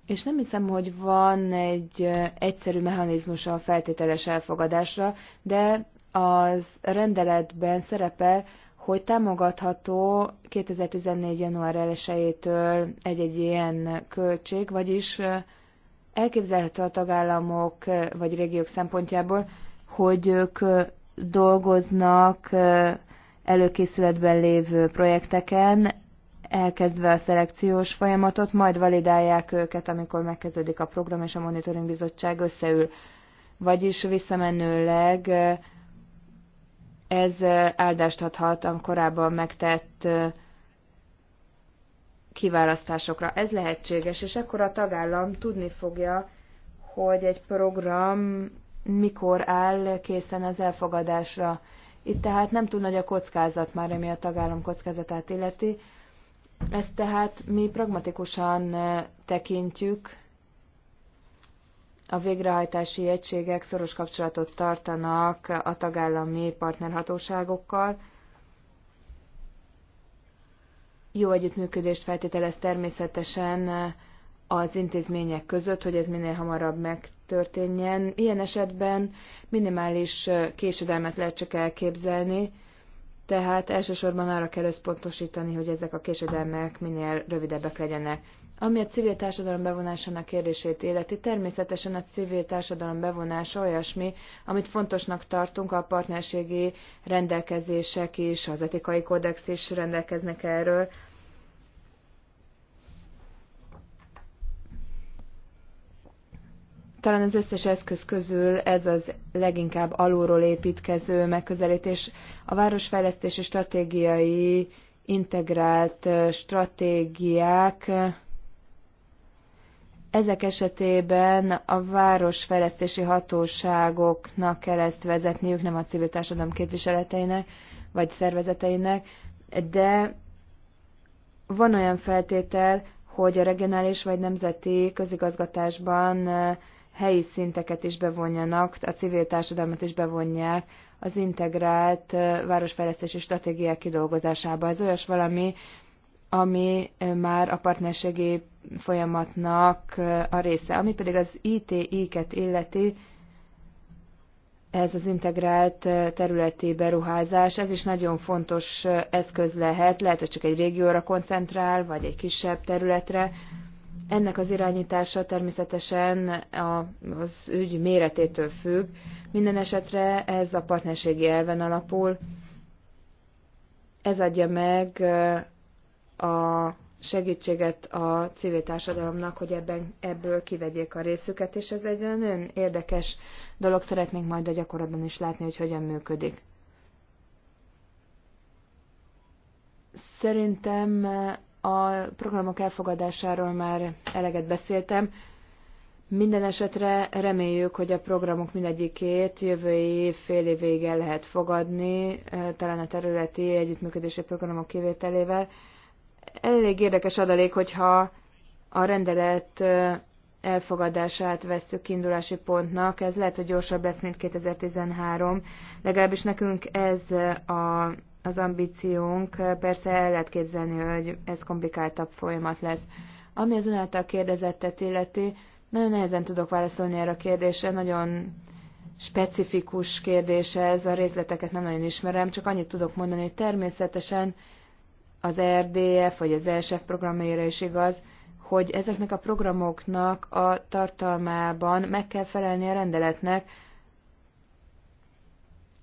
és nem hiszem, hogy van egy egyszerű mechanizmus a feltételes elfogadásra, de az rendeletben szerepel, hogy támogatható 2014. január 1-től egy-egy ilyen költség, vagyis elképzelhető a tagállamok vagy régiók szempontjából, hogy ők dolgoznak előkészületben lévő projekteken, elkezdve a szelekciós folyamatot, majd validálják őket, amikor megkezdődik a program, és a monitoring bizottság összeül. Vagyis visszamenőleg ez áldást adhat a korábban megtett kiválasztásokra. Ez lehetséges, és akkor a tagállam tudni fogja, hogy egy program mikor áll készen az elfogadásra. Itt tehát nem túl nagy a kockázat már, ami a tagállam kockázatát illeti. Ezt tehát mi pragmatikusan eh, tekintjük, a végrehajtási egységek szoros kapcsolatot tartanak a tagállami partnerhatóságokkal, jó együttműködést feltételez természetesen az intézmények között, hogy ez minél hamarabb megtörténjen. Ilyen esetben minimális késedelmet lehet csak elképzelni, tehát elsősorban arra kell összpontosítani, hogy ezek a késedelmek minél rövidebbek legyenek. Ami a civil társadalom bevonásának kérdését életi, természetesen a civil társadalom bevonása olyasmi, amit fontosnak tartunk, a partnerségi rendelkezések is, az etikai kódex is rendelkeznek erről, Talán az összes eszköz közül ez az leginkább alulról építkező megközelítés. A városfejlesztési stratégiai integrált stratégiák ezek esetében a városfejlesztési hatóságoknak kell ezt vezetniük, nem a civil társadalom képviseleteinek vagy szervezeteinek, de van olyan feltétel, hogy a regionális vagy nemzeti közigazgatásban helyi szinteket is bevonjanak, a civil társadalmat is bevonják az integrált városfejlesztési stratégiák kidolgozásába. Ez olyas valami, ami már a partnerségi folyamatnak a része. Ami pedig az ITI-ket illeti, ez az integrált területi beruházás, ez is nagyon fontos eszköz lehet, lehet, hogy csak egy régióra koncentrál, vagy egy kisebb területre, ennek az irányítása természetesen az ügy méretétől függ. Minden esetre ez a partnerségi elven alapul. Ez adja meg a segítséget a civil társadalomnak, hogy ebben, ebből kivegyék a részüket, és ez egy nagyon érdekes dolog, szeretnénk majd a gyakorlatban is látni, hogy hogyan működik. Szerintem a programok elfogadásáról már eleget beszéltem. Minden esetre reméljük, hogy a programok mindegyikét jövő év fél év lehet fogadni, eh, talán a területi együttműködési programok kivételével. Elég érdekes adalék, hogyha a rendelet eh, elfogadását vesszük kiindulási pontnak. Ez lehet, hogy gyorsabb lesz, mint 2013. Legalábbis nekünk ez eh, a az ambíciónk. Eh, persze el lehet képzelni, hogy ez komplikáltabb folyamat lesz. Ami az önáltal kérdezettet illeti, nagyon nehezen tudok válaszolni erre a kérdésre, nagyon specifikus kérdése ez, a részleteket nem nagyon ismerem, csak annyit tudok mondani, hogy természetesen az RDF vagy az ESF programjaira is igaz, hogy ezeknek a programoknak a tartalmában meg kell felelni a rendeletnek,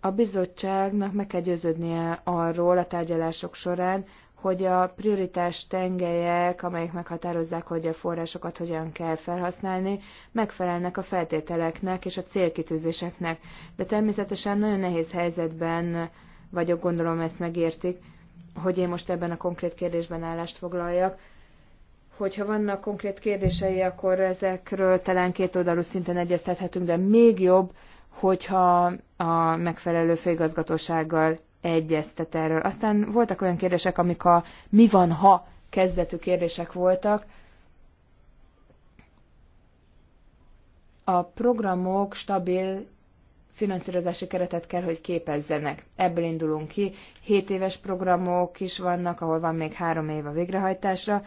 a bizottságnak meg kell győződnie arról a tárgyalások során, hogy a prioritás tengelyek, amelyek meghatározzák, hogy a forrásokat hogyan kell felhasználni, megfelelnek a feltételeknek és a célkitűzéseknek. De természetesen nagyon nehéz helyzetben vagyok, gondolom ezt megértik, hogy én most ebben a konkrét kérdésben állást foglaljak. Hogyha vannak konkrét kérdései, akkor ezekről talán két oldalú szinten egyeztethetünk, de még jobb, hogyha a megfelelő főigazgatósággal egyeztet erről. Aztán voltak olyan kérdések, amik a mi van, ha kezdetű kérdések voltak. A programok stabil finanszírozási keretet kell, hogy képezzenek. Ebből indulunk ki. 7 éves programok is vannak, ahol van még három év a végrehajtásra.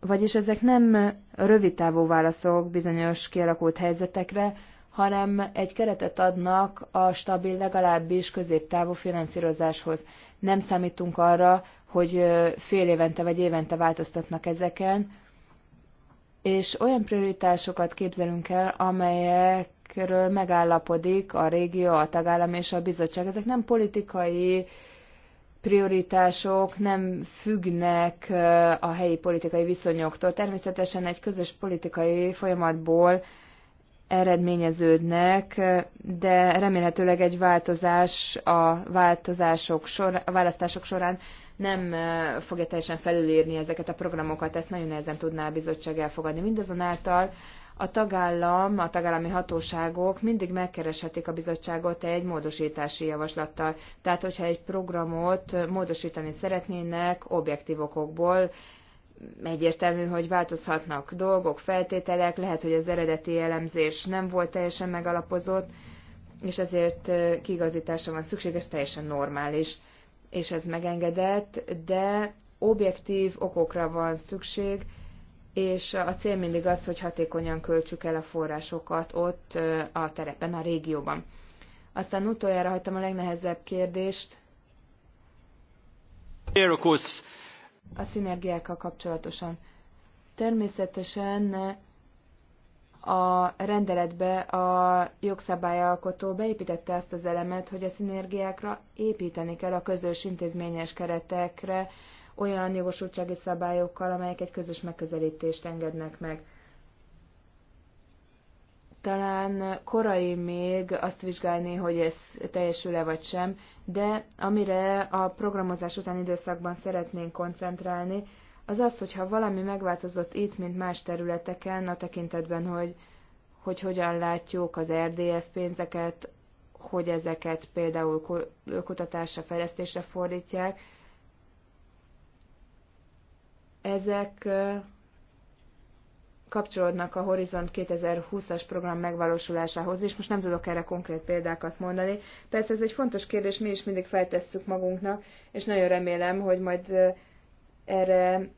Vagyis ezek nem rövidtávú válaszok bizonyos kialakult helyzetekre, hanem egy keretet adnak a stabil, legalábbis középtávú finanszírozáshoz. Nem számítunk arra, hogy fél évente vagy évente változtatnak ezeken, és olyan prioritásokat képzelünk el, amelyekről megállapodik a régió, a tagállam és a bizottság. Ezek nem politikai prioritások, nem függnek a helyi politikai viszonyoktól. Természetesen egy közös politikai folyamatból eredményeződnek, de remélhetőleg egy változás a, változások sor, a választások során nem eh, fogja teljesen felülírni ezeket a programokat, ezt nagyon nehezen tudná a bizottság elfogadni. Mindazonáltal a tagállam, a tagállami hatóságok mindig megkereshetik a bizottságot egy módosítási javaslattal. Tehát, hogyha egy programot módosítani szeretnének objektív okokból, egyértelmű, hogy változhatnak dolgok, feltételek, lehet, hogy az eredeti elemzés nem volt teljesen megalapozott, és ezért kigazításra van szükséges, teljesen normális, és ez megengedett, de objektív okokra van szükség, és a cél mindig az, hogy hatékonyan költsük el a forrásokat ott a terepen, a régióban. Aztán utoljára hagytam a legnehezebb kérdést. Here, of course, a szinergiákkal kapcsolatosan. Természetesen a rendeletbe a jogszabályalkotó beépítette azt az elemet, hogy a szinergiákra építeni kell a közös intézményes keretekre olyan jogosultsági szabályokkal, amelyek egy közös megközelítést engednek meg. Talán korai még azt vizsgálni, hogy ez teljesül-e vagy sem, de amire a programozás után időszakban szeretnénk koncentrálni, az az, hogyha valami megváltozott itt, mint más területeken, a tekintetben, hogy, hogy hogyan látjuk az RDF pénzeket, hogy ezeket például kutatásra, fejlesztésre fordítják, ezek kapcsolódnak a Horizont 2020-as program megvalósulásához, és most nem tudok erre konkrét példákat mondani. Persze ez egy fontos kérdés, mi is mindig feltesszük magunknak, és nagyon remélem, hogy majd erre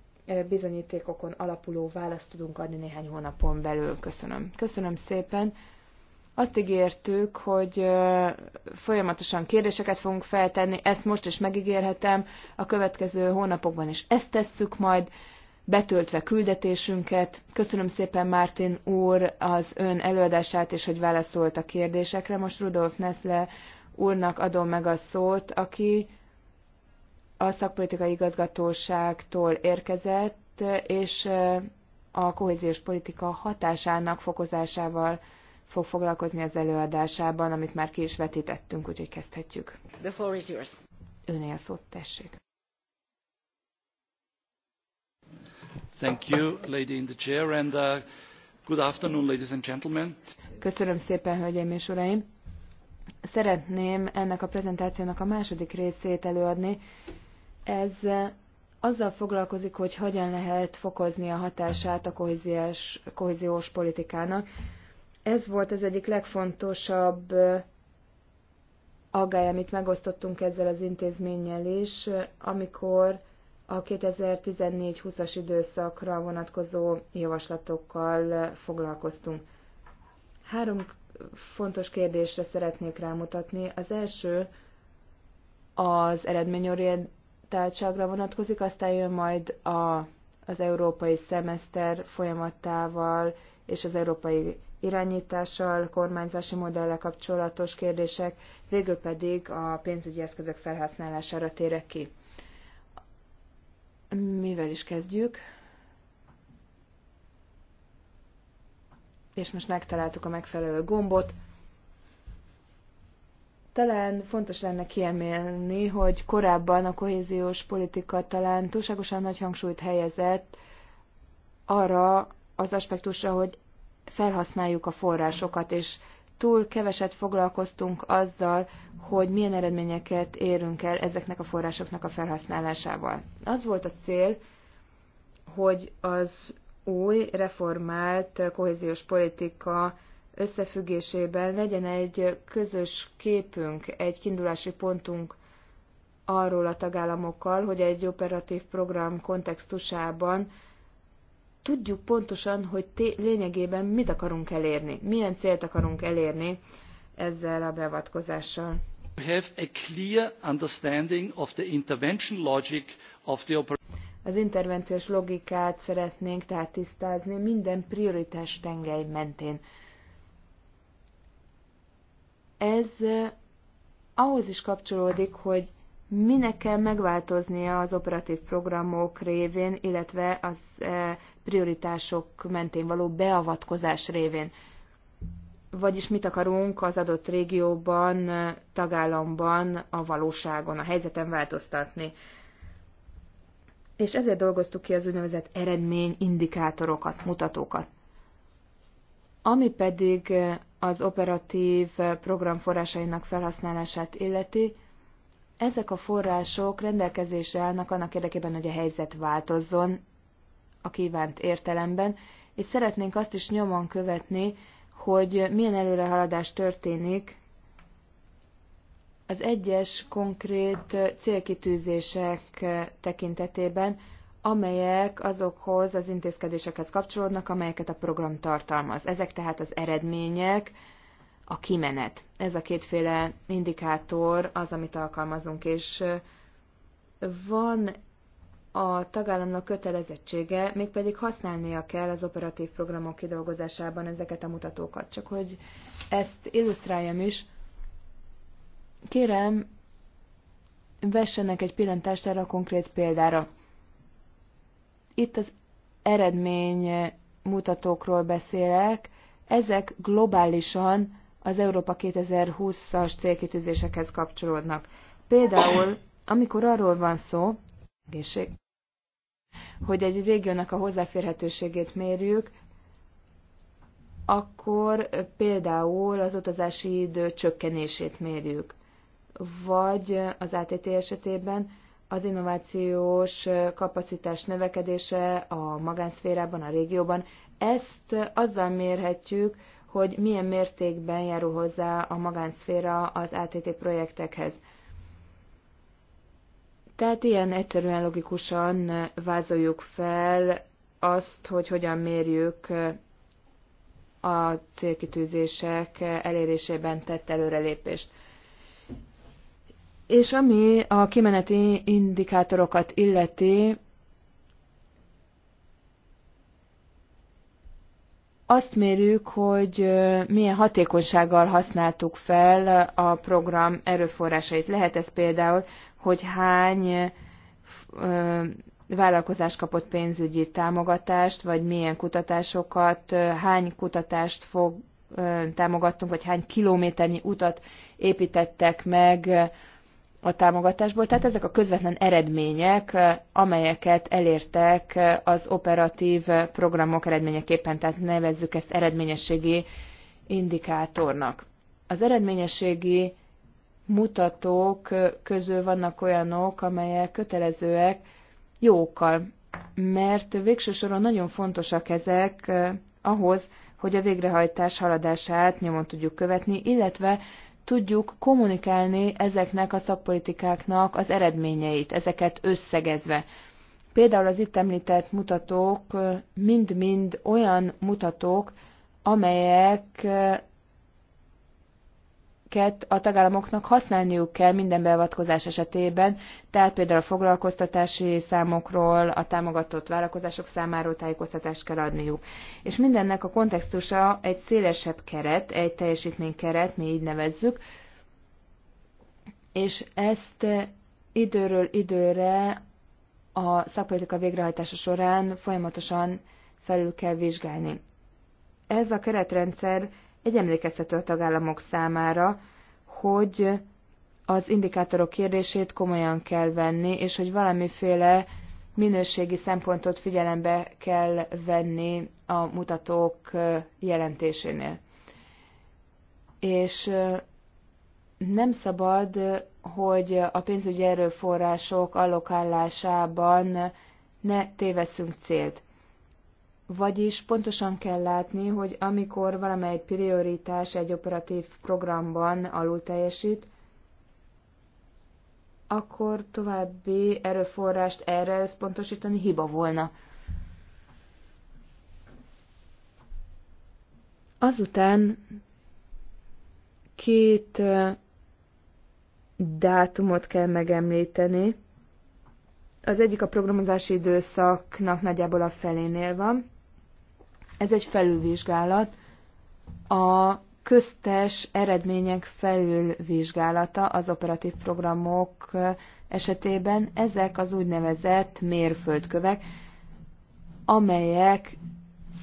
bizonyítékokon alapuló választ tudunk adni néhány hónapon belül. Köszönöm. Köszönöm szépen. Azt ígértük, hogy folyamatosan kérdéseket fogunk feltenni, ezt most is megígérhetem, a következő hónapokban is ezt tesszük majd betöltve küldetésünket. Köszönöm szépen Mártin úr az ön előadását és hogy válaszolt a kérdésekre. Most Rudolf Neszle úrnak adom meg a szót, aki a szakpolitikai igazgatóságtól érkezett, és a kohéziós politika hatásának fokozásával fog foglalkozni az előadásában, amit már ki is vetítettünk, úgyhogy kezdhetjük. The floor is yours. Önél szót, tessék. Köszönöm szépen, hölgyeim és uraim. Szeretném ennek a prezentációnak a második részét előadni. Ez uh, azzal foglalkozik, hogy hogyan lehet fokozni a hatását a kohéziós, kohéziós politikának. Ez volt az egyik legfontosabb uh, aggály, amit megosztottunk ezzel az intézménnyel is, uh, amikor a 2014-20-as időszakra vonatkozó javaslatokkal foglalkoztunk. Három fontos kérdésre szeretnék rámutatni. Az első az eredményorientáltságra vonatkozik, aztán jön majd a, az európai szemeszter folyamatával és az európai irányítással, kormányzási modellel kapcsolatos kérdések, végül pedig a pénzügyi eszközök felhasználására térek ki mivel is kezdjük. És most megtaláltuk a megfelelő gombot. Talán fontos lenne kiemelni, hogy korábban a kohéziós politika talán túlságosan nagy hangsúlyt helyezett arra az aspektusra, hogy felhasználjuk a forrásokat, és túl keveset foglalkoztunk azzal, hogy milyen eredményeket érünk el ezeknek a forrásoknak a felhasználásával. Az volt a cél, hogy az új, reformált kohéziós politika összefüggésében legyen egy közös képünk, egy kiindulási pontunk arról a tagállamokkal, hogy egy operatív program kontextusában tudjuk pontosan, hogy té- lényegében mit akarunk elérni, milyen célt akarunk elérni ezzel a beavatkozással. Have a clear understanding of the intervention logic of the az intervenciós logikát szeretnénk tehát tisztázni minden prioritás tengely mentén. Ez eh, ahhoz is kapcsolódik, hogy minek kell megváltoznia az operatív programok révén, illetve az eh, prioritások mentén való beavatkozás révén. Vagyis mit akarunk az adott régióban, tagállamban, a valóságon, a helyzeten változtatni. És ezért dolgoztuk ki az úgynevezett eredményindikátorokat, mutatókat. Ami pedig az operatív program forrásainak felhasználását illeti, ezek a források rendelkezésre állnak annak érdekében, hogy a helyzet változzon, a kívánt értelemben, és szeretnénk azt is nyomon követni, hogy milyen előrehaladás történik az egyes konkrét célkitűzések tekintetében, amelyek azokhoz az intézkedésekhez kapcsolódnak, amelyeket a program tartalmaz. Ezek tehát az eredmények, a kimenet. Ez a kétféle indikátor az, amit alkalmazunk, és van a tagállamnak kötelezettsége, mégpedig használnia kell az operatív programok kidolgozásában ezeket a mutatókat. Csak hogy ezt illusztráljam is, kérem, vessenek egy pillantást erre a konkrét példára. Itt az eredmény mutatókról beszélek, ezek globálisan az Európa 2020-as célkitűzésekhez kapcsolódnak. Például, amikor arról van szó, egészség hogy egy régiónak a hozzáférhetőségét mérjük, akkor például az utazási idő csökkenését mérjük. Vagy az ATT esetében az innovációs kapacitás növekedése a magánszférában, a régióban. Ezt azzal mérhetjük, hogy milyen mértékben járul hozzá a magánszféra az ATT projektekhez. Tehát ilyen egyszerűen logikusan vázoljuk fel azt, hogy hogyan mérjük a célkitűzések elérésében tett előrelépést. És ami a kimeneti indikátorokat illeti, azt mérjük, hogy milyen hatékonysággal használtuk fel a program erőforrásait. Lehet ez például hogy hány vállalkozás kapott pénzügyi támogatást, vagy milyen kutatásokat, hány kutatást fog, támogattunk, vagy hány kilométernyi utat építettek meg a támogatásból. Tehát ezek a közvetlen eredmények, amelyeket elértek az operatív programok eredményeképpen, tehát nevezzük ezt eredményességi indikátornak. Az eredményességi mutatók közül vannak olyanok, amelyek kötelezőek jókkal, mert végső soron nagyon fontosak ezek eh, ahhoz, hogy a végrehajtás haladását nyomon tudjuk követni, illetve tudjuk kommunikálni ezeknek a szakpolitikáknak az eredményeit, ezeket összegezve. Például az itt említett mutatók eh, mind-mind olyan mutatók, amelyek eh, amiket a tagállamoknak használniuk kell minden beavatkozás esetében, tehát például a foglalkoztatási számokról, a támogatott vállalkozások számáról tájékoztatást kell adniuk. És mindennek a kontextusa egy szélesebb keret, egy teljesítménykeret, mi így nevezzük, és ezt időről időre a szakpolitika végrehajtása során folyamatosan felül kell vizsgálni. Ez a keretrendszer egy emlékeztető a tagállamok számára, hogy az indikátorok kérdését komolyan kell venni, és hogy valamiféle minőségi szempontot figyelembe kell venni a mutatók jelentésénél. És nem szabad, hogy a pénzügyi erőforrások allokálásában ne tévesszünk célt. Vagyis pontosan kell látni, hogy amikor valamely prioritás egy operatív programban alul teljesít, akkor további erőforrást erre összpontosítani hiba volna. Azután két dátumot kell megemlíteni. Az egyik a programozási időszaknak nagyjából a felénél van. Ez egy felülvizsgálat. A köztes eredmények felülvizsgálata az operatív programok esetében ezek az úgynevezett mérföldkövek, amelyek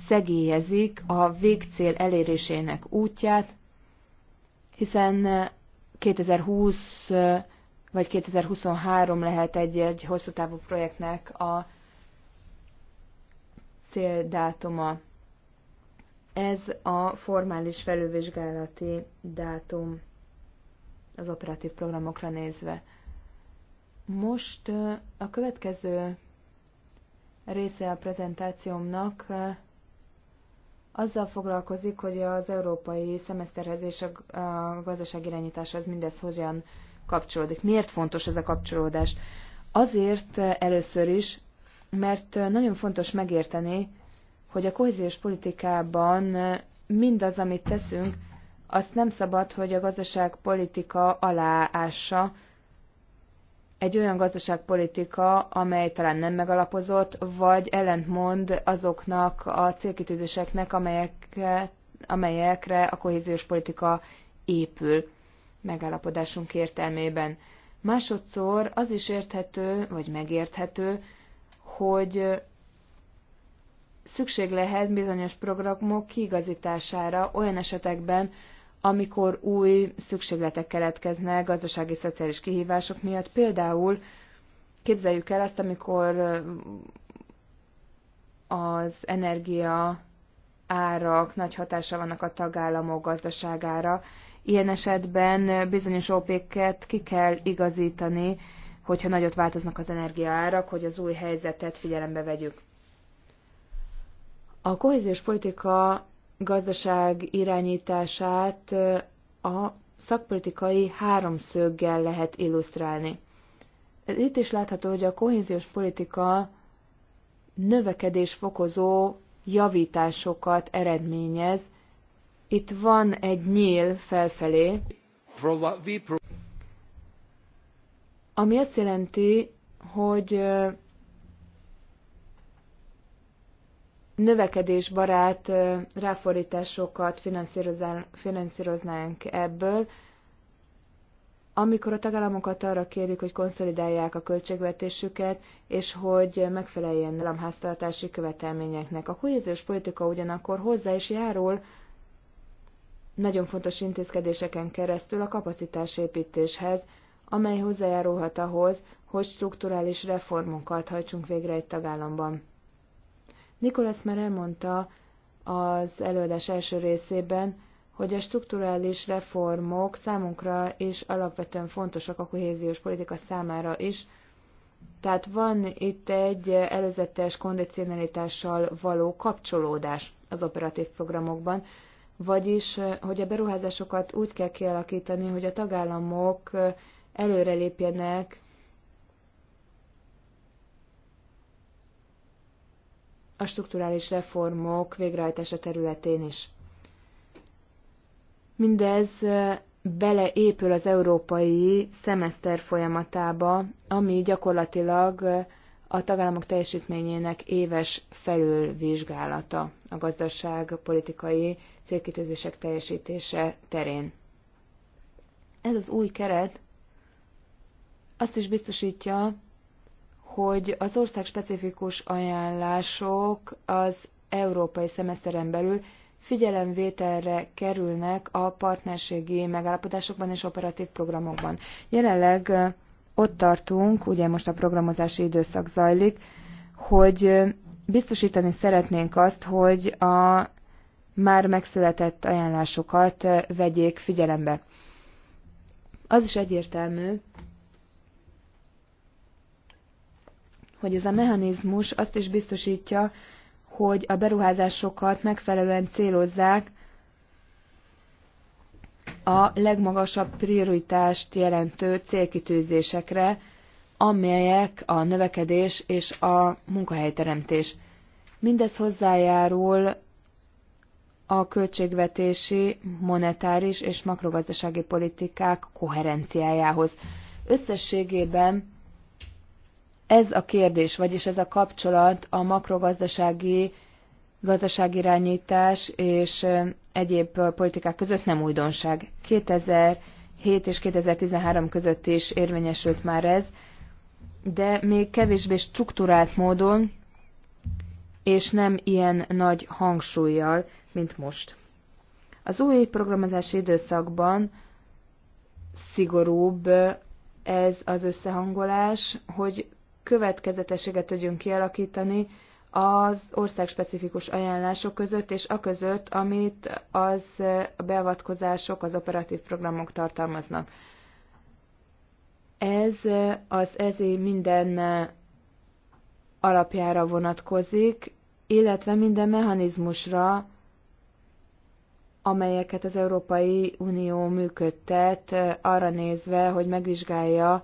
szegélyezik a végcél elérésének útját, hiszen 2020 vagy 2023 lehet egy, egy hosszú távú projektnek a céldátuma. Ez a formális felülvizsgálati dátum az operatív programokra nézve. Most a következő része a prezentációmnak azzal foglalkozik, hogy az európai szemeszterhez és a gazdaságirányításhoz mindez hogyan kapcsolódik. Miért fontos ez a kapcsolódás? Azért először is, mert nagyon fontos megérteni, hogy a kohéziós politikában mindaz, amit teszünk, azt nem szabad, hogy a gazdaságpolitika aláássa egy olyan gazdaságpolitika, amely talán nem megalapozott, vagy ellentmond azoknak a célkitűzéseknek, amelyek, amelyekre a kohéziós politika épül megállapodásunk értelmében. Másodszor az is érthető, vagy megérthető, hogy szükség lehet bizonyos programok kiigazítására olyan esetekben, amikor új szükségletek keletkeznek gazdasági szociális kihívások miatt. Például képzeljük el azt, amikor az energia árak nagy hatása vannak a tagállamok gazdaságára. Ilyen esetben bizonyos opéket ki kell igazítani, hogyha nagyot változnak az energiaárak, hogy az új helyzetet figyelembe vegyük. A kohéziós politika gazdaság irányítását a szakpolitikai háromszöggel lehet illusztrálni. Itt is látható, hogy a kohéziós politika növekedés fokozó javításokat eredményez. Itt van egy nyíl felfelé, ami azt jelenti, hogy növekedésbarát ráfordításokat finanszíroznánk ebből, amikor a tagállamokat arra kérjük, hogy konszolidálják a költségvetésüket, és hogy megfeleljen a háztartási követelményeknek. A kohéziós politika ugyanakkor hozzá is járul nagyon fontos intézkedéseken keresztül a kapacitásépítéshez, amely hozzájárulhat ahhoz, hogy strukturális reformokat hajtsunk végre egy tagállamban. Nikolász már elmondta az előadás első részében, hogy a strukturális reformok számunkra is alapvetően fontosak a kohéziós politika számára is. Tehát van itt egy előzetes kondicionalitással való kapcsolódás az operatív programokban, vagyis hogy a beruházásokat úgy kell kialakítani, hogy a tagállamok előrelépjenek a strukturális reformok végrehajtása területén is. Mindez beleépül az európai szemeszter folyamatába, ami gyakorlatilag a tagállamok teljesítményének éves felülvizsgálata a gazdaságpolitikai célkitűzések teljesítése terén. Ez az új keret azt is biztosítja, hogy az ország specifikus ajánlások az európai szemeszteren belül figyelemvételre kerülnek a partnerségi megállapodásokban és operatív programokban. Jelenleg ott tartunk, ugye most a programozási időszak zajlik, hogy biztosítani szeretnénk azt, hogy a már megszületett ajánlásokat vegyék figyelembe. Az is egyértelmű, hogy ez a mechanizmus azt is biztosítja, hogy a beruházásokat megfelelően célozzák, a legmagasabb prioritást jelentő célkitűzésekre, amelyek a növekedés és a munkahelyteremtés. Mindez hozzájárul a költségvetési, monetáris és makrogazdasági politikák koherenciájához. Összességében ez a kérdés, vagyis ez a kapcsolat a makrogazdasági gazdaságirányítás és egyéb politikák között nem újdonság. 2007 és 2013 között is érvényesült már ez, de még kevésbé struktúrált módon, és nem ilyen nagy hangsúlyjal, mint most. Az új programozási időszakban szigorúbb ez az összehangolás, hogy következetességet tudjunk kialakítani az országspecifikus ajánlások között, és a között, amit az a beavatkozások, az operatív programok tartalmaznak. Ez az ezé minden alapjára vonatkozik, illetve minden mechanizmusra, amelyeket az Európai Unió működtet, arra nézve, hogy megvizsgálja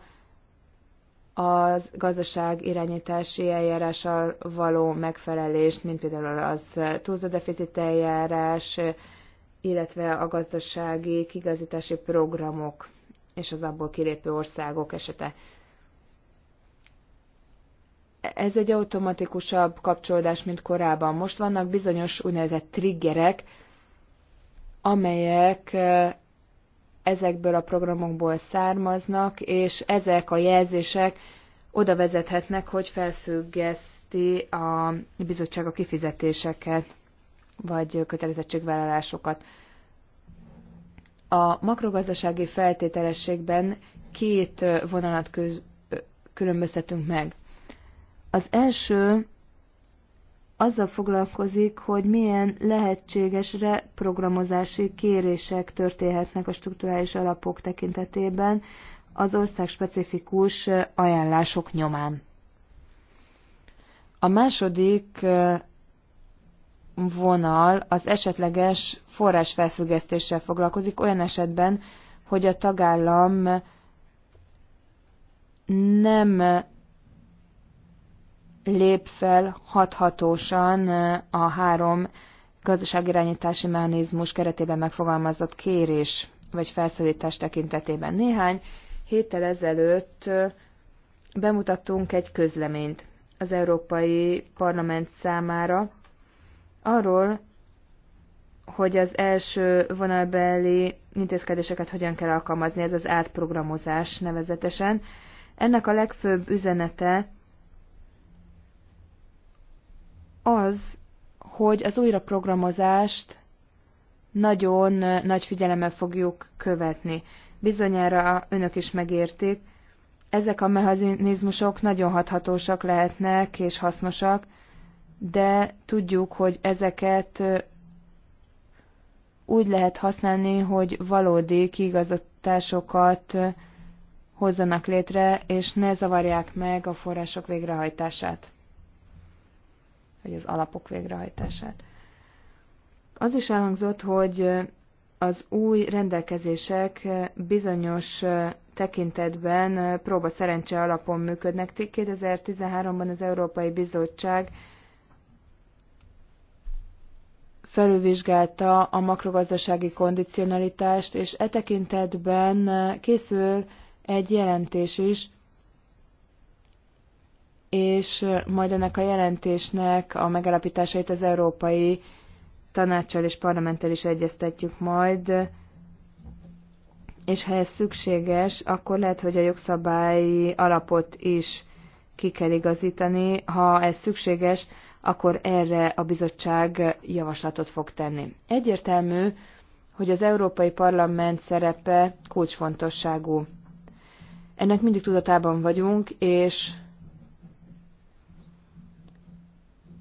a gazdaság irányítási eljárással való megfelelést, mint például az túlzódeficit eljárás, illetve a gazdasági kigazítási programok és az abból kilépő országok esete. Ez egy automatikusabb kapcsolódás, mint korábban. Most vannak bizonyos úgynevezett triggerek, amelyek ezekből a programokból származnak, és ezek a jelzések oda vezethetnek, hogy felfüggeszti a bizottság a kifizetéseket, vagy kötelezettségvállalásokat. A makrogazdasági feltételességben két vonalat köz, különböztetünk meg. Az első azzal foglalkozik, hogy milyen lehetséges reprogramozási kérések történhetnek a struktúrális alapok tekintetében az ország specifikus ajánlások nyomán. A második vonal az esetleges forrásfelfüggesztéssel foglalkozik olyan esetben, hogy a tagállam nem lép fel hathatósan eh, a három gazdaságirányítási mechanizmus keretében megfogalmazott kérés vagy felszólítás tekintetében. Néhány héttel ezelőtt eh, bemutattunk egy közleményt az Európai Parlament számára arról, hogy az első vonalbeli intézkedéseket hogyan kell alkalmazni, ez az átprogramozás nevezetesen. Ennek a legfőbb üzenete az, hogy az újraprogramozást nagyon nagy figyelemmel fogjuk követni. Bizonyára önök is megértik, ezek a mechanizmusok nagyon hathatósak lehetnek és hasznosak, de tudjuk, hogy ezeket úgy lehet használni, hogy valódi kiigazatásokat hozzanak létre, és ne zavarják meg a források végrehajtását vagy az alapok végrehajtását. Az is elhangzott, hogy az új rendelkezések bizonyos tekintetben próba szerencse alapon működnek. 2013-ban az Európai Bizottság felülvizsgálta a makrogazdasági kondicionalitást, és e tekintetben készül egy jelentés is, és majd ennek a jelentésnek a megállapításait az Európai Tanácssal és Parlamenttel is egyeztetjük majd, és ha ez szükséges, akkor lehet, hogy a jogszabályi alapot is ki kell igazítani. Ha ez szükséges, akkor erre a bizottság javaslatot fog tenni. Egyértelmű, hogy az Európai Parlament szerepe kulcsfontosságú. Ennek mindig tudatában vagyunk, és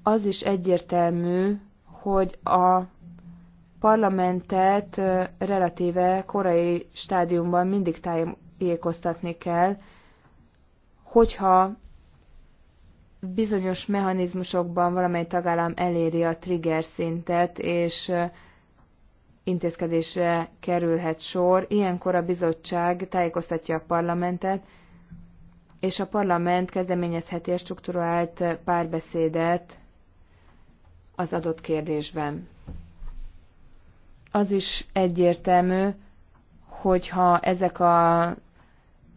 az is egyértelmű, hogy a parlamentet relatíve korai stádiumban mindig tájékoztatni kell, hogyha bizonyos mechanizmusokban valamely tagállam eléri a trigger szintet, és intézkedésre kerülhet sor, ilyenkor a bizottság tájékoztatja a parlamentet, és a parlament kezdeményezheti a struktúrált párbeszédet az adott kérdésben. Az is egyértelmű, hogyha ezek a,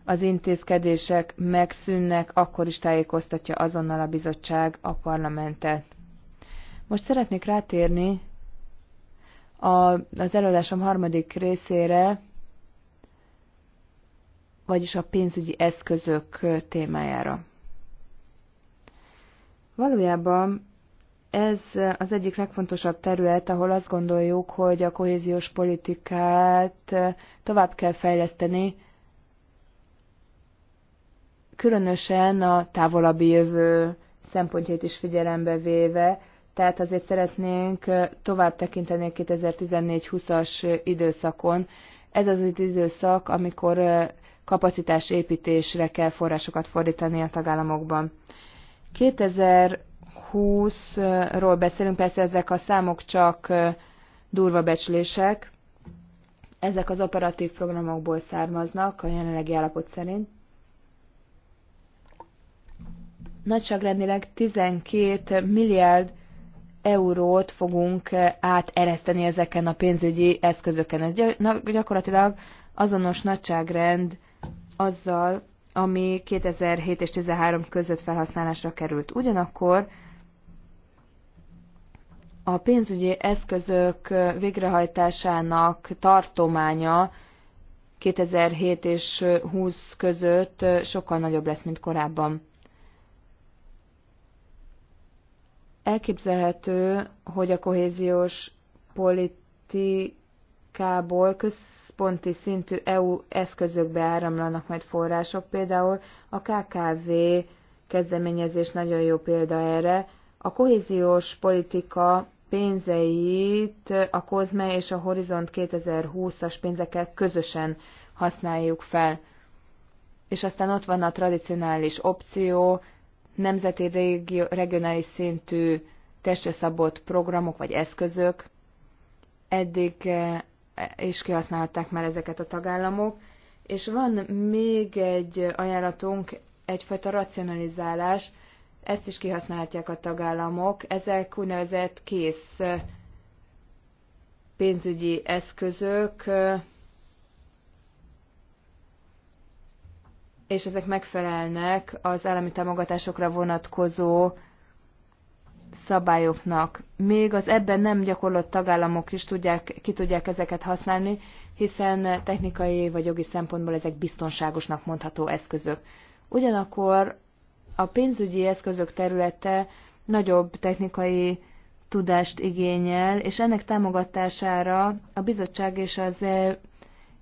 az intézkedések megszűnnek, akkor is tájékoztatja azonnal a bizottság a parlamentet. Most szeretnék rátérni a, az előadásom harmadik részére, vagyis a pénzügyi eszközök témájára. Valójában ez az egyik legfontosabb terület, ahol azt gondoljuk, hogy a kohéziós politikát tovább kell fejleszteni, különösen a távolabbi jövő szempontjait is figyelembe véve, tehát azért szeretnénk tovább tekinteni a 2014-20-as időszakon. Ez az az időszak, amikor kapacitásépítésre kell forrásokat fordítani a tagállamokban. 2000 20-ról beszélünk, persze ezek a számok csak durva becslések, ezek az operatív programokból származnak a jelenlegi állapot szerint. Nagyságrendileg 12 milliárd eurót fogunk átereszteni ezeken a pénzügyi eszközöken. Ez gyakorlatilag azonos nagyságrend azzal, ami 2007 és 2013 között felhasználásra került. Ugyanakkor a pénzügyi eszközök végrehajtásának tartománya 2007 és 20 között sokkal nagyobb lesz, mint korábban. Elképzelhető, hogy a kohéziós politikából központi szintű EU eszközökbe áramlanak majd források, például a KKV kezdeményezés nagyon jó példa erre. A kohéziós politika pénzeit a Kozme és a Horizont 2020-as pénzekkel közösen használjuk fel. És aztán ott van a tradicionális opció, nemzeti régi, regionális szintű testre szabott programok vagy eszközök. Eddig és eh, kihasználták már ezeket a tagállamok. És van még egy ajánlatunk, egyfajta racionalizálás, ezt is kihasználhatják a tagállamok. Ezek úgynevezett kész pénzügyi eszközök, és ezek megfelelnek az állami támogatásokra vonatkozó szabályoknak. Még az ebben nem gyakorlott tagállamok is tudják, ki tudják ezeket használni, hiszen technikai vagy jogi szempontból ezek biztonságosnak mondható eszközök. Ugyanakkor a pénzügyi eszközök területe nagyobb technikai tudást igényel, és ennek támogatására a bizottság és az e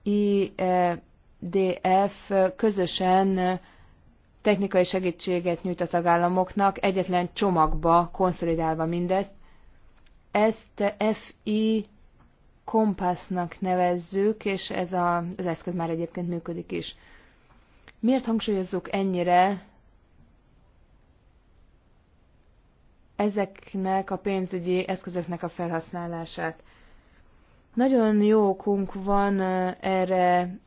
IDF e közösen technikai segítséget nyújt a tagállamoknak, egyetlen csomagba konszolidálva mindezt. Ezt FI kompassznak nevezzük, és ez a, az eszköz már egyébként működik is. Miért hangsúlyozzuk ennyire ezeknek a pénzügyi eszközöknek a felhasználását. Nagyon jó okunk van erre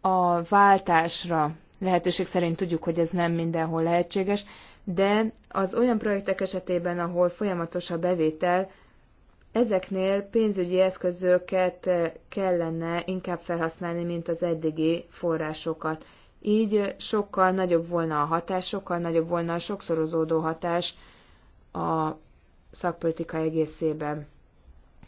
a váltásra. Lehetőség szerint tudjuk, hogy ez nem mindenhol lehetséges, de az olyan projektek esetében, ahol folyamatos a bevétel, ezeknél pénzügyi eszközöket kellene inkább felhasználni, mint az eddigi forrásokat. Így sokkal nagyobb volna a hatás, sokkal nagyobb volna a sokszorozódó hatás a szakpolitika egészében.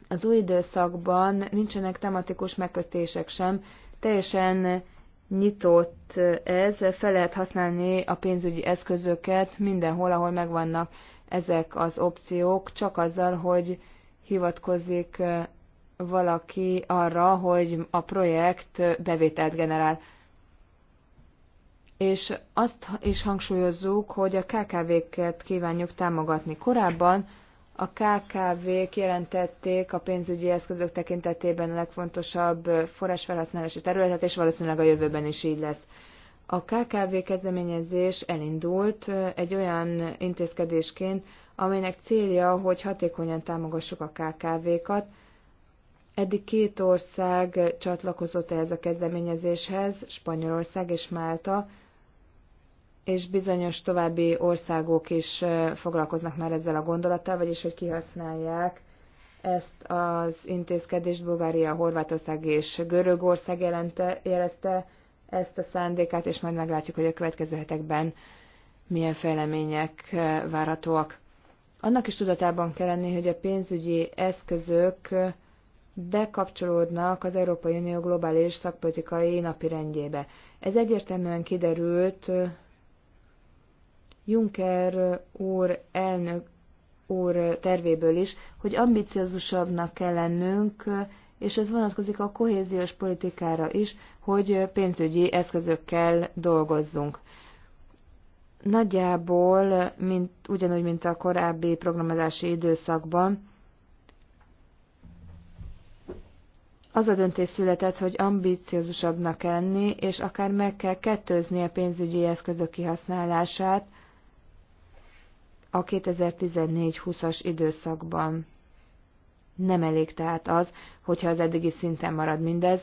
Az új időszakban nincsenek tematikus megkötések sem, teljesen nyitott ez, fel lehet használni a pénzügyi eszközöket mindenhol, ahol megvannak ezek az opciók, csak azzal, hogy hivatkozik valaki arra, hogy a projekt bevételt generál és azt is hangsúlyozzuk, hogy a KKV-ket kívánjuk támogatni. Korábban a KKV-k jelentették a pénzügyi eszközök tekintetében a legfontosabb forrásfelhasználási területet, és valószínűleg a jövőben is így lesz. A KKV kezdeményezés elindult eh, egy olyan intézkedésként, aminek célja, hogy hatékonyan támogassuk a KKV-kat. Eddig két ország csatlakozott ehhez a kezdeményezéshez, Spanyolország és Málta, és bizonyos további országok is foglalkoznak már ezzel a gondolattal, vagyis hogy kihasználják ezt az intézkedést. Bulgária, Horvátország és Görögország jelente, jelezte ezt a szándékát, és majd meglátjuk, hogy a következő hetekben milyen fejlemények várhatóak. Annak is tudatában kell lenni, hogy a pénzügyi eszközök bekapcsolódnak az Európai Unió globális szakpolitikai napirendjébe. Ez egyértelműen kiderült Juncker úr elnök úr tervéből is, hogy ambiciózusabbnak kell lennünk, és ez vonatkozik a kohéziós politikára is, hogy pénzügyi eszközökkel dolgozzunk. Nagyjából, mint, ugyanúgy, mint a korábbi programozási időszakban, az a döntés született, hogy ambiciózusabbnak kell lenni, és akár meg kell kettőzni a pénzügyi eszközök kihasználását – a 2014-20-as időszakban. Nem elég tehát az, hogyha az eddigi szinten marad mindez,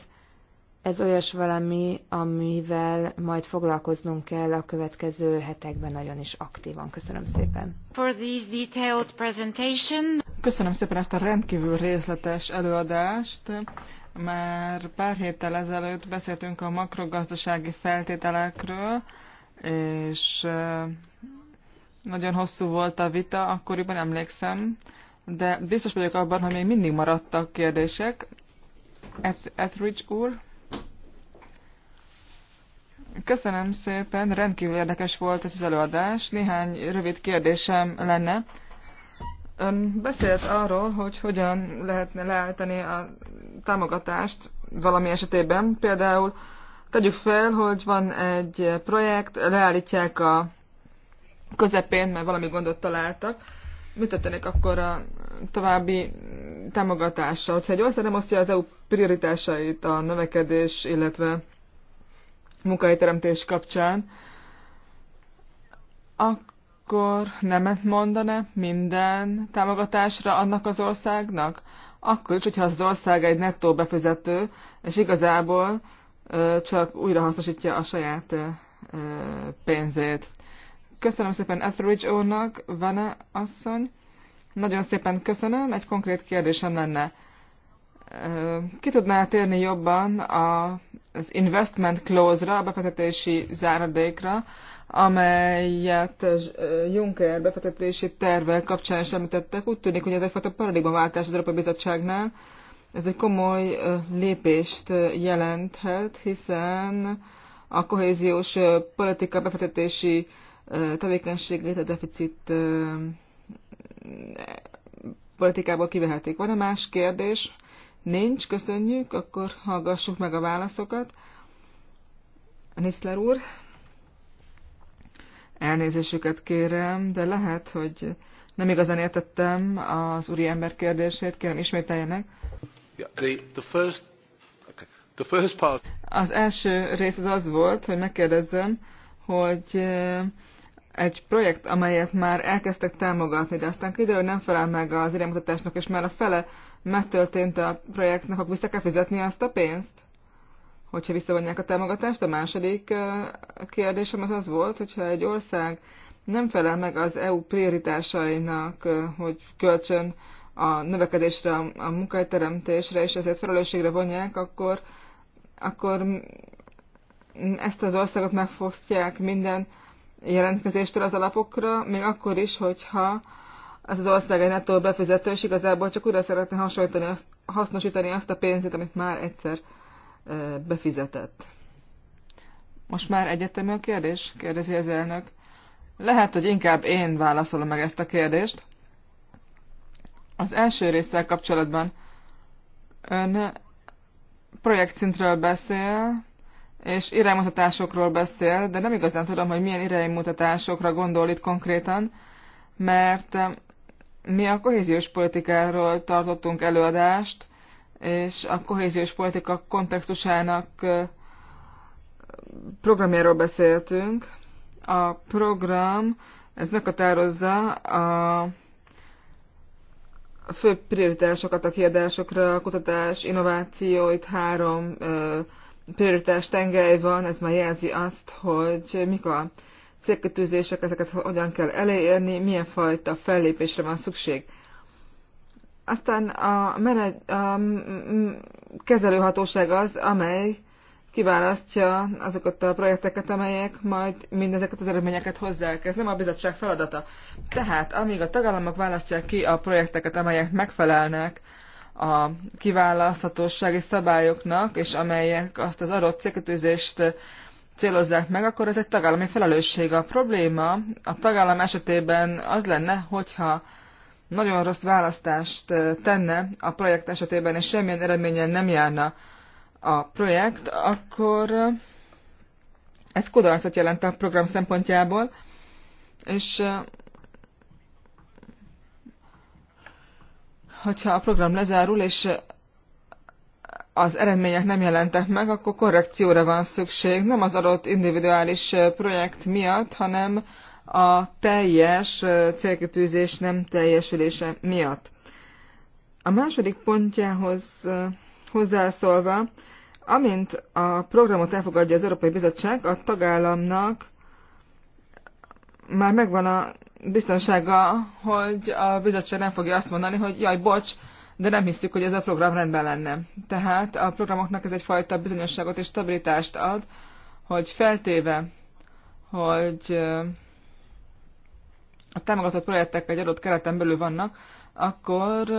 ez olyas valami, amivel majd foglalkoznunk kell a következő hetekben nagyon is aktívan. Köszönöm szépen. For this detailed presentation. Köszönöm szépen ezt a rendkívül részletes előadást. Már pár héttel ezelőtt beszéltünk a makrogazdasági feltételekről, és nagyon hosszú volt a vita, akkoriban emlékszem, de biztos vagyok abban, hogy még mindig maradtak kérdések. Etheridge úr. Köszönöm szépen, rendkívül érdekes volt ez az előadás. Néhány rövid kérdésem lenne. Ön beszélt arról, hogy hogyan lehetne leállítani a támogatást valami esetében. Például tegyük fel, hogy van egy projekt, leállítják a közepén, mert valami gondot találtak, mit tettenek akkor a további támogatással? Hogyha egy ország nem osztja az EU prioritásait a növekedés, illetve munkahelyteremtés kapcsán, akkor nemet mondana minden támogatásra annak az országnak? Akkor is, hogyha az ország egy nettó befizető, és igazából csak újra hasznosítja a saját pénzét. Köszönöm szépen Etheridge úrnak, Vene asszony. Nagyon szépen köszönöm. Egy konkrét kérdésem lenne. Ki tudná térni jobban az investment close ra a befektetési záradékra, amelyet Juncker befektetési tervel kapcsán is említettek. Úgy tűnik, hogy ez egyfajta paradigmaváltás az Európai Bizottságnál. Ez egy komoly lépést jelenthet, hiszen a kohéziós politika befektetési tevékenységét a deficit politikából kivehetik. Van-e más kérdés? Nincs, köszönjük, akkor hallgassuk meg a válaszokat. Niszler úr, elnézésüket kérem, de lehet, hogy nem igazán értettem az úri ember kérdését, kérem ismételje meg. Az első rész az az volt, hogy megkérdezzem, hogy egy projekt, amelyet már elkezdtek támogatni, de aztán kiderül, nem felel meg az iránymutatásnak, és már a fele megtörtént a projektnek, akkor vissza kell fizetni azt a pénzt? Hogyha visszavonják a támogatást, a második kérdésem az az volt, hogyha egy ország nem felel meg az EU prioritásainak, hogy kölcsön a növekedésre, a munkahelyteremtésre, és ezért felelősségre vonják, akkor, akkor ezt az országot megfosztják minden jelentkezéstől az alapokra, még akkor is, hogyha ez az ország egy nettó befizető, és igazából csak újra szeretne azt, hasznosítani azt a pénzét, amit már egyszer befizetett. Most már egyetemű a kérdés? kérdezi az elnök. Lehet, hogy inkább én válaszolom meg ezt a kérdést. Az első résszel kapcsolatban ön projektszintről beszél, és iránymutatásokról beszél, de nem igazán tudom, hogy milyen iránymutatásokra gondol itt konkrétan, mert mi a kohéziós politikáról tartottunk előadást, és a kohéziós politika kontextusának programjáról beszéltünk. A program, ez meghatározza a fő prioritásokat a kiadásokra, a kutatás, innováció, itt három prioritás tengely van, ez már jelzi azt, hogy mik a célkötőzések, ezeket hogyan kell elérni, milyen fajta fellépésre van szükség. Aztán a, a kezelőhatóság az, amely kiválasztja azokat a projekteket, amelyek majd mindezeket az eredményeket hozzák. Ez nem a bizottság feladata. Tehát, amíg a tagállamok választják ki a projekteket, amelyek megfelelnek a kiválaszthatósági szabályoknak, és amelyek azt az adott célkötőzést célozzák meg, akkor ez egy tagállami felelősség. A probléma a tagállam esetében az lenne, hogyha nagyon rossz választást tenne a projekt esetében, és semmilyen eredményen nem járna a projekt, akkor ez kudarcot jelent a program szempontjából, és hogyha a program lezárul, és az eredmények nem jelentek meg, akkor korrekcióra van szükség, nem az adott individuális projekt miatt, hanem a teljes célkitűzés nem teljesülése miatt. A második pontjához hozzászólva, amint a programot elfogadja az Európai Bizottság, a tagállamnak már megvan a biztonsága, hogy a bizottság nem fogja azt mondani, hogy jaj, bocs, de nem hiszük, hogy ez a program rendben lenne. Tehát a programoknak ez egyfajta bizonyosságot és stabilitást ad, hogy feltéve, hogy a támogatott projektek egy adott kereten belül vannak, akkor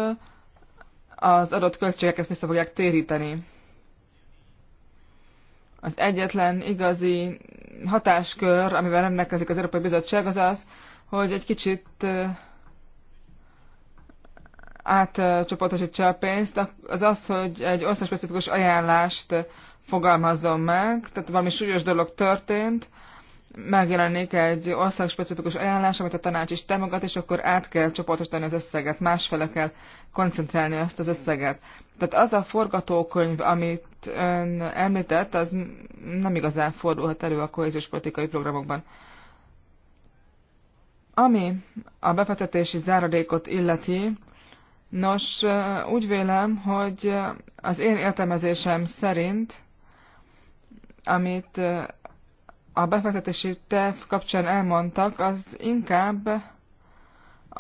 az adott költségeket vissza fogják téríteni. Az egyetlen igazi hatáskör, amivel rendelkezik az Európai Bizottság, az az, hogy egy kicsit átcsoportosítsa a pénzt, az az, hogy egy országspecifikus ajánlást fogalmazzon meg, tehát valami súlyos dolog történt, megjelenik egy országspecifikus ajánlás, amit a tanács is támogat, és akkor át kell csoportosítani az összeget, másfele kell koncentrálni azt az összeget. Tehát az a forgatókönyv, amit ön említett, az nem igazán fordulhat elő a kohéziós politikai programokban. Ami a befektetési záradékot illeti, nos, úgy vélem, hogy az én értelmezésem szerint, amit a befektetési terv kapcsán elmondtak, az inkább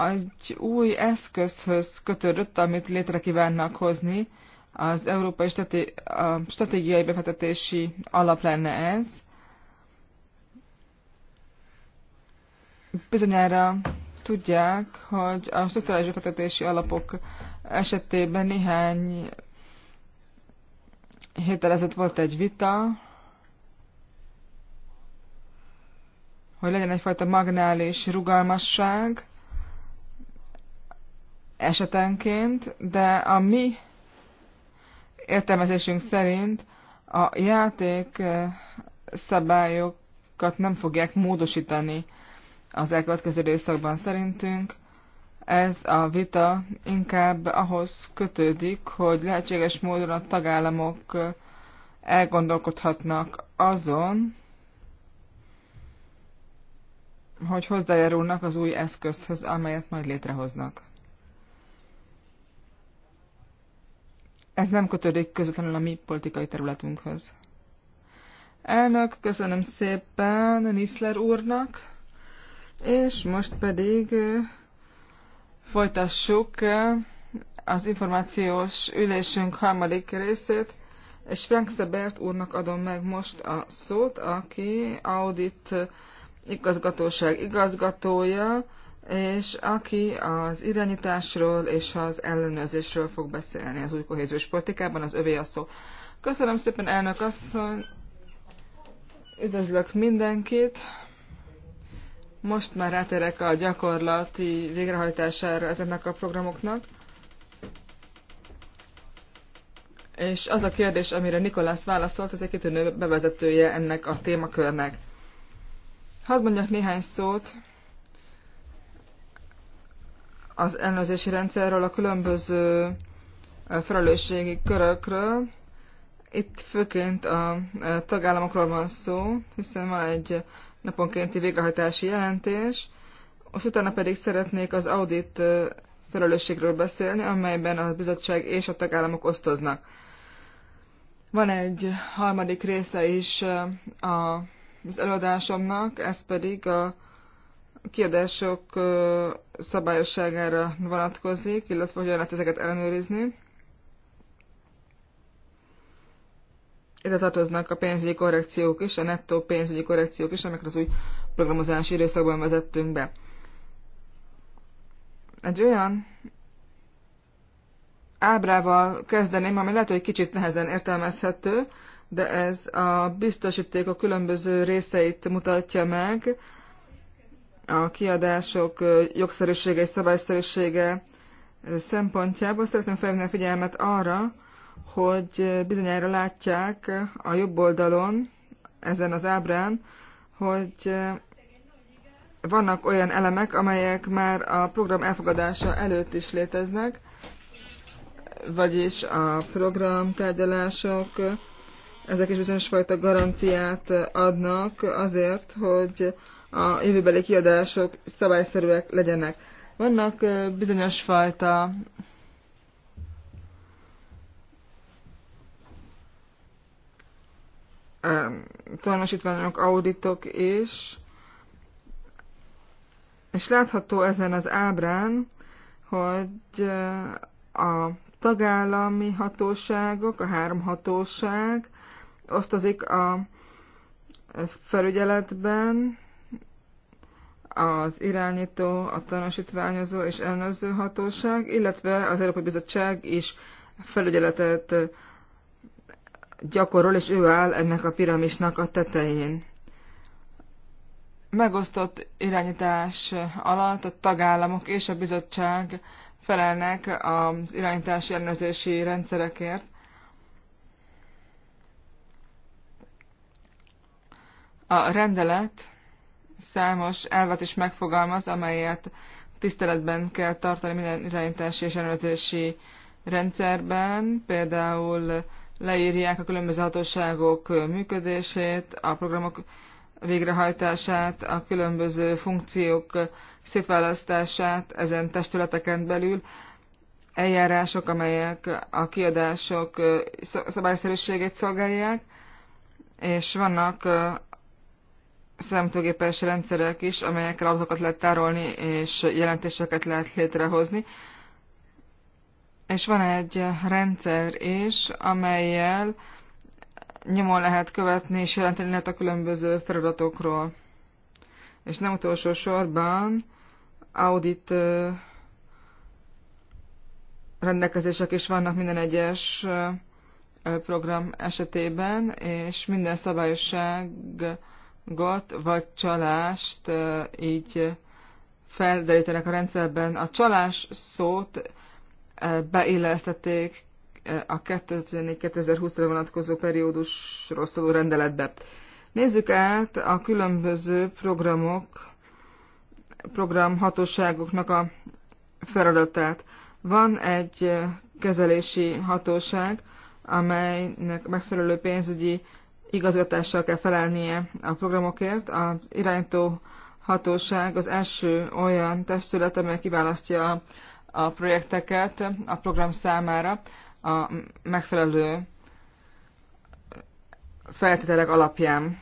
egy új eszközhöz kötődött, amit létre kívánnak hozni. Az Európai Straté- a Stratégiai Befektetési Alap lenne ez, Bizonyára tudják, hogy a struktúrális befektetési alapok esetében néhány héttel ezelőtt volt egy vita, hogy legyen egyfajta magnális rugalmasság esetenként, de a mi értelmezésünk szerint a játék eh, szabályokat nem fogják módosítani az elkövetkező időszakban szerintünk. Ez a vita inkább ahhoz kötődik, hogy lehetséges módon a tagállamok elgondolkodhatnak azon, hogy hozzájárulnak az új eszközhöz, amelyet majd létrehoznak. Ez nem kötődik közvetlenül a mi politikai területünkhöz. Elnök, köszönöm szépen Niszler úrnak. És most pedig folytassuk az információs ülésünk harmadik részét, és Frank Szebert úrnak adom meg most a szót, aki Audit igazgatóság igazgatója, és aki az irányításról és az ellenőrzésről fog beszélni az új kohéziós politikában, az övé a szó. Köszönöm szépen, elnök asszony! Üdvözlök mindenkit! Most már rátérek a gyakorlati végrehajtására ezeknek a programoknak. És az a kérdés, amire Nikolász válaszolt, az egy kitűnő bevezetője ennek a témakörnek. Hadd mondjak néhány szót az ellenőrzési rendszerről, a különböző felelősségi körökről. Itt főként a tagállamokról van szó, hiszen van egy naponkénti végrehajtási jelentés, azt utána pedig szeretnék az audit felelősségről beszélni, amelyben a bizottság és a tagállamok osztoznak. Van egy harmadik része is az előadásomnak, ez pedig a kiadások szabályosságára vonatkozik, illetve hogyan lehet ezeket ellenőrizni. Ide tartoznak a pénzügyi korrekciók is, a nettó pénzügyi korrekciók is, amiket az új programozási időszakban vezettünk be. Egy olyan ábrával kezdeném, ami lehet, hogy kicsit nehezen értelmezhető, de ez a biztosíték a különböző részeit mutatja meg, a kiadások jogszerűsége és szabályszerűsége szempontjából. Szeretném felhívni a figyelmet arra, hogy bizonyára látják a jobb oldalon, ezen az ábrán, hogy vannak olyan elemek, amelyek már a program elfogadása előtt is léteznek, vagyis a program tárgyalások, ezek is bizonyos fajta garanciát adnak azért, hogy a jövőbeli kiadások szabályszerűek legyenek. Vannak bizonyos fajta tanúsítványok, auditok is. És látható ezen az ábrán, hogy eh, a tagállami hatóságok, a három hatóság osztozik a felügyeletben az irányító, a tanúsítványozó és ellenőrző hatóság, illetve az Európai Bizottság is felügyeletet gyakorol, és ő áll ennek a piramisnak a tetején. Megosztott irányítás alatt a tagállamok és a bizottság felelnek az irányítási ellenőrzési rendszerekért. A rendelet számos elvet is megfogalmaz, amelyet tiszteletben kell tartani minden irányítási és jelenlőzési rendszerben, például leírják a különböző hatóságok működését, a programok végrehajtását, a különböző funkciók szétválasztását ezen testületeken belül, eljárások, amelyek a kiadások szabályszerűségét szolgálják, és vannak számítógépes rendszerek is, amelyekkel adatokat lehet tárolni és jelentéseket lehet létrehozni és van egy rendszer is, amelyel nyomon lehet követni és jelenteni lehet a különböző feladatokról. És nem utolsó sorban audit rendelkezések is vannak minden egyes program esetében, és minden szabályosságot vagy csalást így felderítenek a rendszerben. A csalás szót beillesztették a 2014-2020-ra vonatkozó periódusról szóló rendeletbe. Nézzük át a különböző programok, programhatóságoknak a feladatát. Van egy kezelési hatóság, amelynek megfelelő pénzügyi igazgatással kell felelnie a programokért. Az iránytó hatóság az első olyan testület, amely kiválasztja a projekteket a program számára a megfelelő feltételek alapján.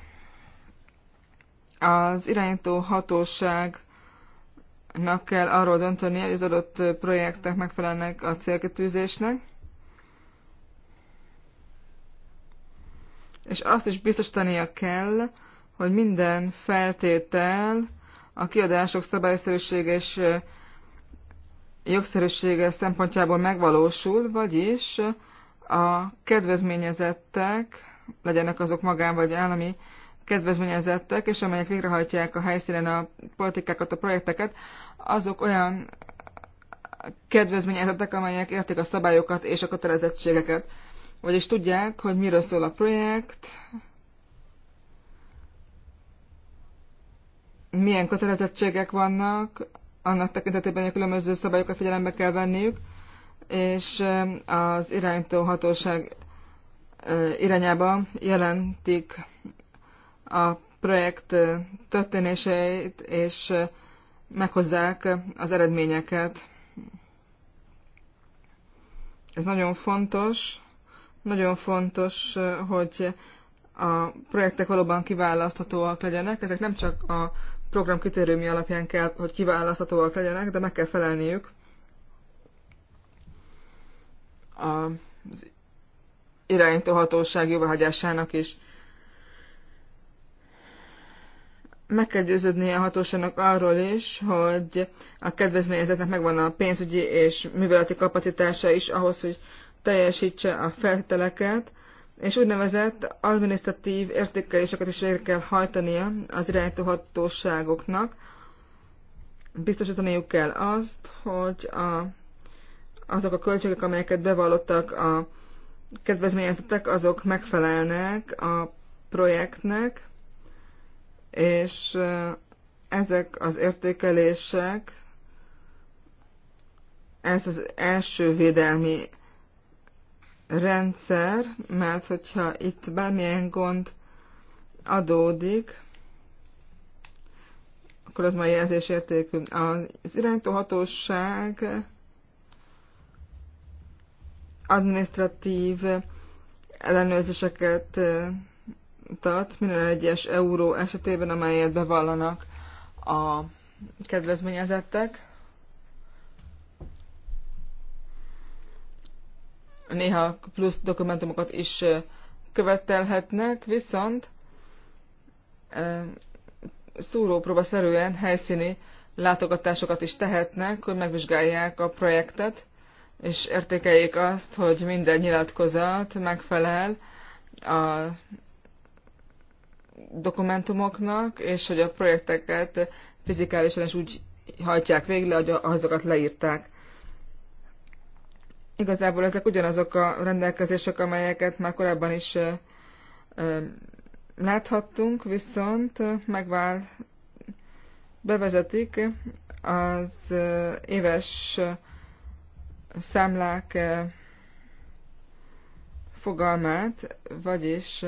Az irányító hatóságnak kell arról dönteni, hogy az adott projektek megfelelnek a célkitűzésnek, és azt is biztosítania kell, hogy minden feltétel a kiadások szabályszerűséges és jogszerűsége szempontjából megvalósul, vagyis a kedvezményezettek, legyenek azok magán vagy állami kedvezményezettek, és amelyek végrehajtják a helyszínen a politikákat, a projekteket, azok olyan kedvezményezettek, amelyek értik a szabályokat és a kötelezettségeket. Vagyis tudják, hogy miről szól a projekt, milyen kötelezettségek vannak, annak tekintetében, hogy a különböző szabályokat figyelembe kell venniük, és eh, az iránytó hatóság eh, irányába jelentik a projekt eh, történéseit, és meghozzák az eredményeket. Ez nagyon fontos, nagyon fontos, hogy a projektek valóban kiválaszthatóak legyenek. Ezek nem csak a program kritériumi alapján kell, hogy kiválaszthatóak legyenek, de meg kell felelniük az irányítóhatóság jóváhagyásának is. Meg kell győződnie a hatóságnak arról is, hogy a kedvezményezetnek megvan a pénzügyi és műveleti kapacitása is ahhoz, hogy teljesítse a feltételeket, és úgynevezett adminisztratív értékeléseket is végre kell hajtania az hatóságoknak. Biztosítaniuk kell azt, hogy a, azok a költségek, amelyeket bevallottak a kedvezményezetek, azok megfelelnek a projektnek, és eh, ezek az értékelések, ez az első védelmi rendszer, mert hogyha itt bármilyen gond adódik, akkor az már jelzésértékű. Az irányító hatóság administratív ellenőrzéseket tart minden egyes euró esetében, amelyet bevallanak a kedvezményezettek. néha plusz dokumentumokat is követelhetnek, viszont szúrópróba szerűen helyszíni látogatásokat is tehetnek, hogy megvizsgálják a projektet, és értékeljék azt, hogy minden nyilatkozat megfelel a dokumentumoknak, és hogy a projekteket fizikálisan is úgy hajtják végre, hogy azokat leírták. Igazából ezek ugyanazok a rendelkezések, amelyeket már korábban is láthattunk, viszont megvál bevezetik az éves számlák fogalmát, vagyis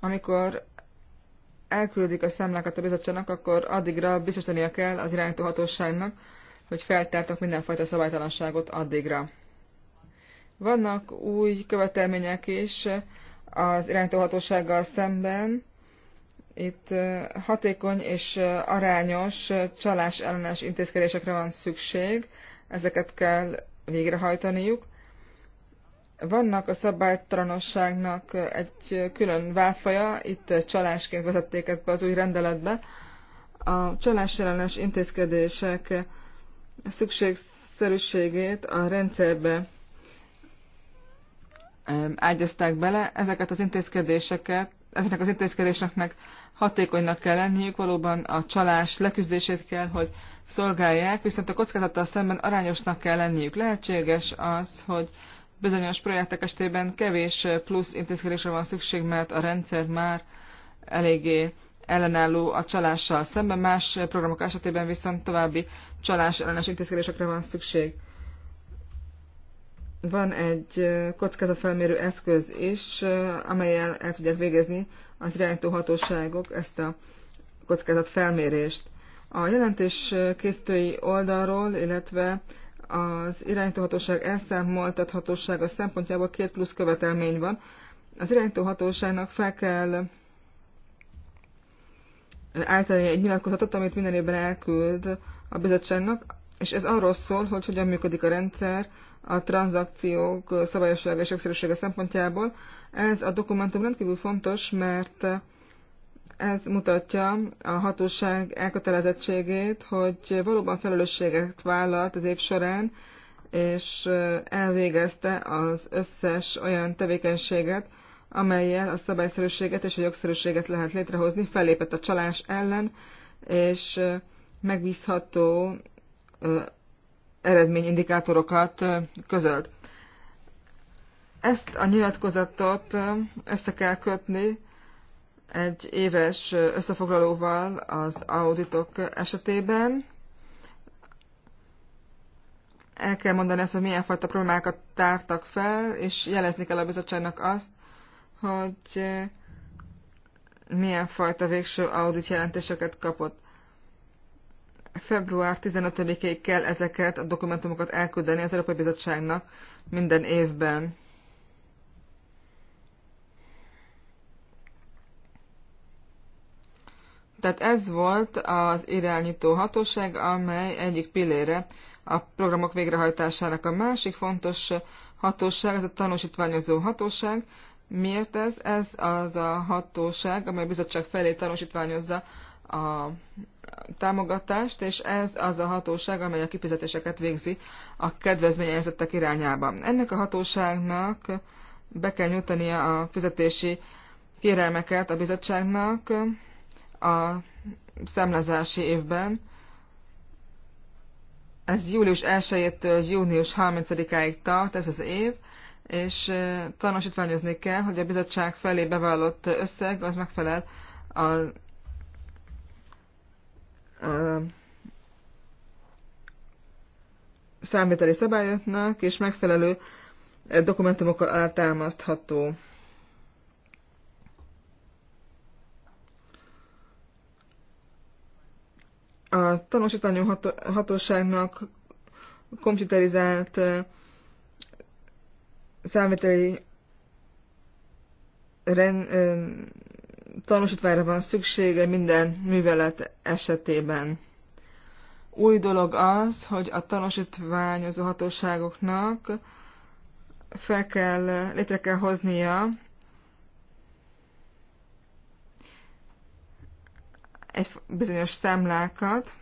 amikor elküldik a számlákat a bizottságnak, akkor addigra biztosítania kell az irányító hatóságnak, hogy feltártak mindenfajta szabálytalanságot addigra. Vannak új követelmények is az irányítóhatósággal szemben. Itt hatékony és arányos csalás ellenes intézkedésekre van szükség, ezeket kell végrehajtaniuk. Vannak a szabálytalanosságnak egy külön válfaja, itt csalásként vezették ezt be az új rendeletbe. A csalás ellenes intézkedések szükségszerűségét a rendszerbe ágyazták bele. Ezeket az intézkedéseket, ezeknek az intézkedéseknek hatékonynak kell lenniük, valóban a csalás leküzdését kell, hogy szolgálják, viszont a kockázattal szemben arányosnak kell lenniük. Lehetséges az, hogy bizonyos projektek estében kevés plusz intézkedésre van szükség, mert a rendszer már eléggé ellenálló a csalással szemben, más programok esetében viszont további csalás ellenes intézkedésekre van szükség. Van egy kockázatfelmérő eszköz is, amelyel el tudják végezni az irányító hatóságok ezt a kockázatfelmérést. A jelentés készítői oldalról, illetve az irányítóhatóság elszámoltathatósága szempontjából két plusz követelmény van. Az irányítóhatóságnak fel kell Általában egy nyilatkozatot, amit minden évben elküld a bizottságnak, és ez arról szól, hogy hogyan működik a rendszer a tranzakciók szabályossága és jogszerűsége szempontjából. Ez a dokumentum rendkívül fontos, mert ez mutatja a hatóság elkötelezettségét, hogy valóban felelősséget vállalt az év során, és elvégezte az összes olyan tevékenységet, amelyel a szabályszerűséget és a jogszerűséget lehet létrehozni, fellépett a csalás ellen, és megbízható eredményindikátorokat közölt. Ezt a nyilatkozatot össze kell kötni egy éves összefoglalóval az auditok esetében. El kell mondani azt, hogy milyen fajta problémákat tártak fel, és jelezni kell a bizottságnak azt, hogy milyen fajta végső audit jelentéseket kapott. Február 15-ig kell ezeket a dokumentumokat elküldeni az Európai Bizottságnak minden évben. Tehát ez volt az irányító hatóság, amely egyik pillére a programok végrehajtásának. A másik fontos hatóság, ez a tanúsítványozó hatóság, Miért ez? Ez az a hatóság, amely a bizottság felé tanúsítványozza a támogatást, és ez az a hatóság, amely a kifizetéseket végzi a kedvezményezettek irányába. Ennek a hatóságnak be kell nyújtania a fizetési kérelmeket a bizottságnak a szemlezási évben. Ez július 1-től június 30-áig tart, ez az év, és tanúsítványozni kell, hogy a bizottság felé bevallott összeg az megfelel a, a, számviteli szabályoknak, és megfelelő dokumentumokkal alátámasztható. A tanúsítványú hatóságnak komputerizált számítói ren, ö, tanúsítványra van szüksége minden művelet esetében. Új dolog az, hogy a tanúsítványozó hatóságoknak fel kell, létre kell hoznia egy bizonyos számlákat,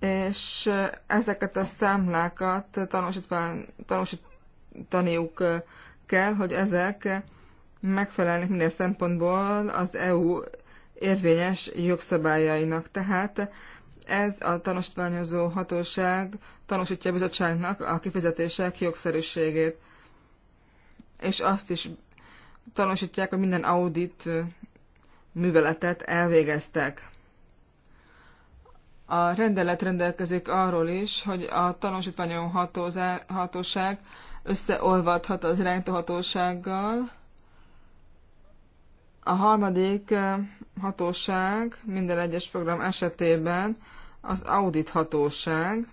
és ezeket a számlákat tanúsítaniuk kell, hogy ezek megfelelnek minden szempontból az EU érvényes jogszabályainak. Tehát ez a tanúsítványozó hatóság tanúsítja a bizottságnak a kifizetések jogszerűségét. És azt is tanúsítják, hogy minden audit műveletet elvégeztek. A rendelet rendelkezik arról is, hogy a tanúsítványon hatóság összeolvadhat az irányítóhatósággal. A harmadik eh, hatóság minden egyes program esetében az audit hatóság.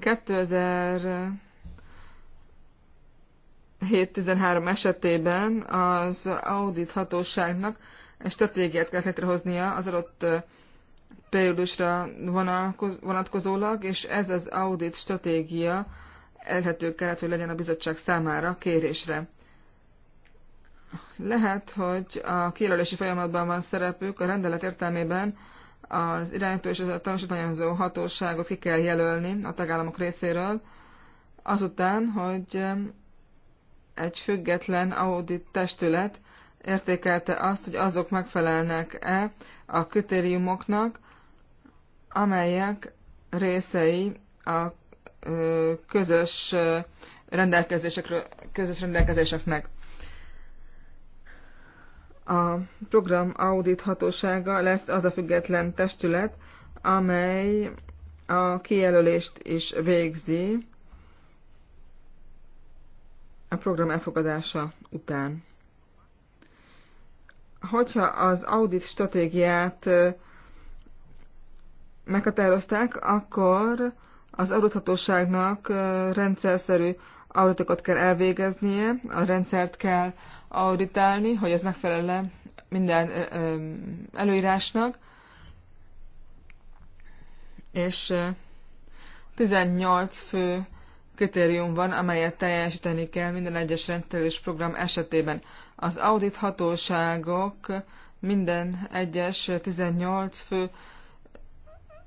2000 7.13 esetében az audit hatóságnak egy stratégiát kell létrehoznia az adott eh, periódusra vonatkozólag, és ez az audit stratégia elhető kellett, hogy legyen a bizottság számára kérésre. Lehet, hogy a kijelölési folyamatban van szerepük, a rendelet értelmében az irányító és a tanúsítványozó hatóságot ki kell jelölni a tagállamok részéről, azután, hogy egy független audit testület értékelte azt, hogy azok megfelelnek-e a kritériumoknak, amelyek részei a közös rendelkezésekről, közös rendelkezéseknek. A program audit hatósága lesz az a független testület, amely a kijelölést is végzi a program elfogadása után. Hogyha az audit stratégiát meghatározták, akkor az adóthatóságnak rendszerszerű auditokat kell elvégeznie, a rendszert kell auditálni, hogy ez megfelele minden előírásnak, és 18 fő kritérium van, amelyet teljesíteni kell minden egyes rendszerelés program esetében. Az audithatóságok minden egyes 18 fő